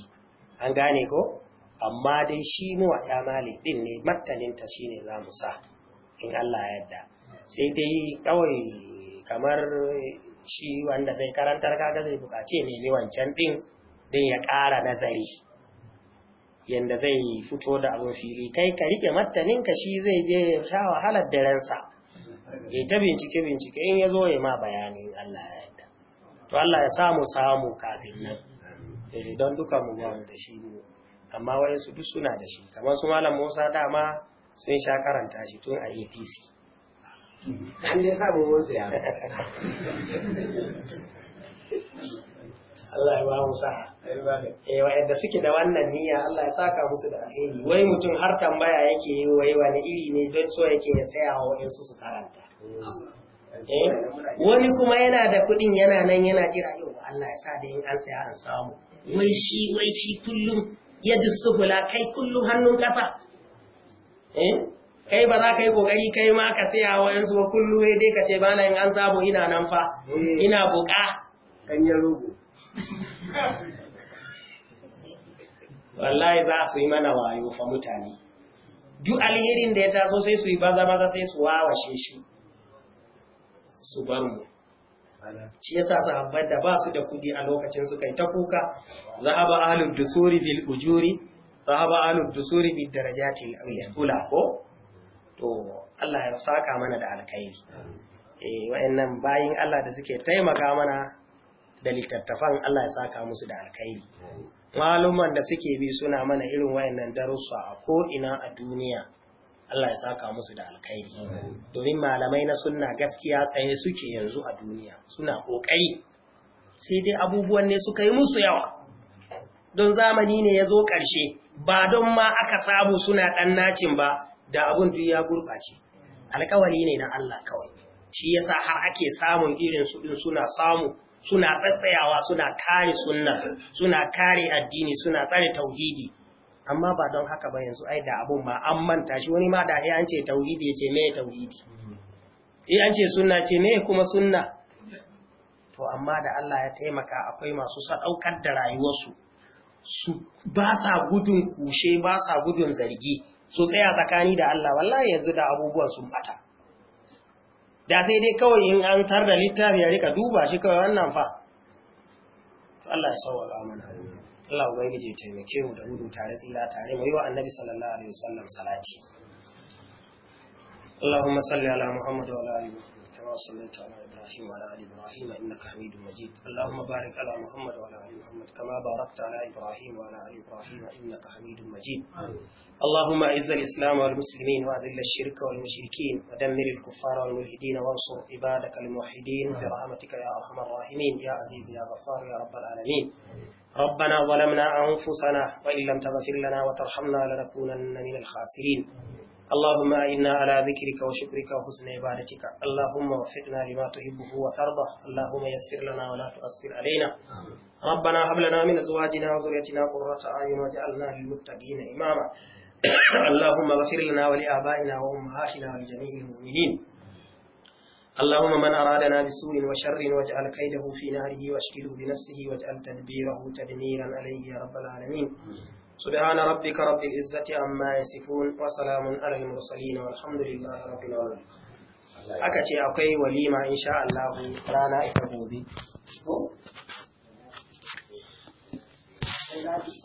an gane ko amma dai shi mawaɗa malik ɗin ne martaninta shi ne za mu sa in Allah yadda sai dai kawai kamar shi wanda zai karantar kaga zai bukace ne wancan ɗin din ya ƙara nazari yanda zai fito da abin fili kai ka rike martaninka shi zai je ya sha wahalar darensa ya ta bincike bincike in ya zo ya ma bayanin Allah ya yadda to Allah ya samu samu kafin nan eh, don duka mu ba da shi ne amma su duk suna da shi kamar su malam musa dama sun sha karanta shi tun a atc an ne mu wasu ya Allah ya ba mu sa'a. Eh wa'anda suke da wannan niyya Allah ya saka musu da alheri. Wai mutum har tambaya yake yi wai wani iri ne don so yake ya tsaya wa wa'ansu su karanta. Eh, wani kuma yana da kuɗin yana nan yana jira yau Allah ya sa da yin an saya an samu. Wai shi wai shi kullum yadda su suhula kai kullu hannun ƙasa eh? kai ba za ka yi ƙoƙari kai ma ka saya wa yansu ba kullu ya dai ka ce ba na yin an samu ina nan fa mm. ina buƙa ɗanyar wallahi za su yi mana wayo fa mutane duk alherin da ya taso sai su yi baza maza sai su wawashe shi su bar mu shi yasa sahabbai da ba su da kudi a lokacin su kai ta kuka zahaba ahlud dusuri bil ujuri zahaba ahlud dusuri bid darajati ula ko to Allah ya saka mana da alkhairi eh wayannan bayin Allah da suke taimaka mana da littattafan Allah ya saka musu da alkhairi maluman da suke bi suna mana irin wayannan darussa a ko ina a duniya Allah ya saka musu da alkhairi domin malamai na sunna gaskiya tsaye suke yanzu a duniya suna kokari sai dai abubuwan ne suka yi musu yawa don zamani ne ya zo ƙarshe ba don ma aka sabu suna ɗan nacin ba da abun duk ya gurɓace alkawari ne na Allah kawai shi yasa har ake samun irin su din suna samu suna tsatsayawa suna kare sunna suna kare addini suna tsare tauhidi amma ba don haka ba yanzu ai da abun ba an manta shi wani ma da ai an ce tauhidi ya ce me tauhidi eh an ce sunna ce me kuma sunna to amma da Allah ya taimaka akwai masu sadaukar da rayuwarsu su ba sa gudun kushe ba sa gudun zargi su tsaya tsakani da Allah wallahi yanzu da abubuwan sun bata da sai dai kawai in an tar da littafi ya rika duba shi kawai wannan fa Allah ya sauwa mana Allah Ubangiji ya taimake mu da gudu tare tsira tare mu yi wa annabi sallallahu alaihi wasallam salati. Allahumma salli ala Muhammad wa ala ali Muhammad kama sallaita ala Ibrahim wa ala ali Ibrahim innaka Hamidu Majid. Allahumma barik ala Muhammad wa ala ali Muhammad kama barakta ala Ibrahim wa ala Ibrahim innaka Hamidu Majid. Allahumma izzal Islam wal muslimin wa adhil ash-shirk wal mushrikeen wa dammir al-kuffar wal mulhidin wa ansur ibadak al ya arhamar rahimin ya azizi, ya ghafar ya rabbal alamin. Amin. ربنا ظلمنا أنفسنا وإن لم تغفر لنا وترحمنا لنكونن من الخاسرين اللهم إنا على ذكرك وشكرك وحسن عبادتك اللهم وفقنا لما تحبه وترضى اللهم يسر لنا ولا تؤثر علينا ربنا هب لنا من أزواجنا وذريتنا قرة أعين وجعلنا للمتقين إماما اللهم اغفر لنا ولآبائنا وأمهاتنا ولجميع المؤمنين اللهم من أرادنا بسوء وشر واجعل كيده في ناره واشكله بنفسه واجعل تدبيره تدميرا عليه يا رب العالمين سبحان ربك رب العزة عما يصفون وسلام على المرسلين والحمد لله رب العالمين aka وليما إن شاء الله Allah rana ita gobe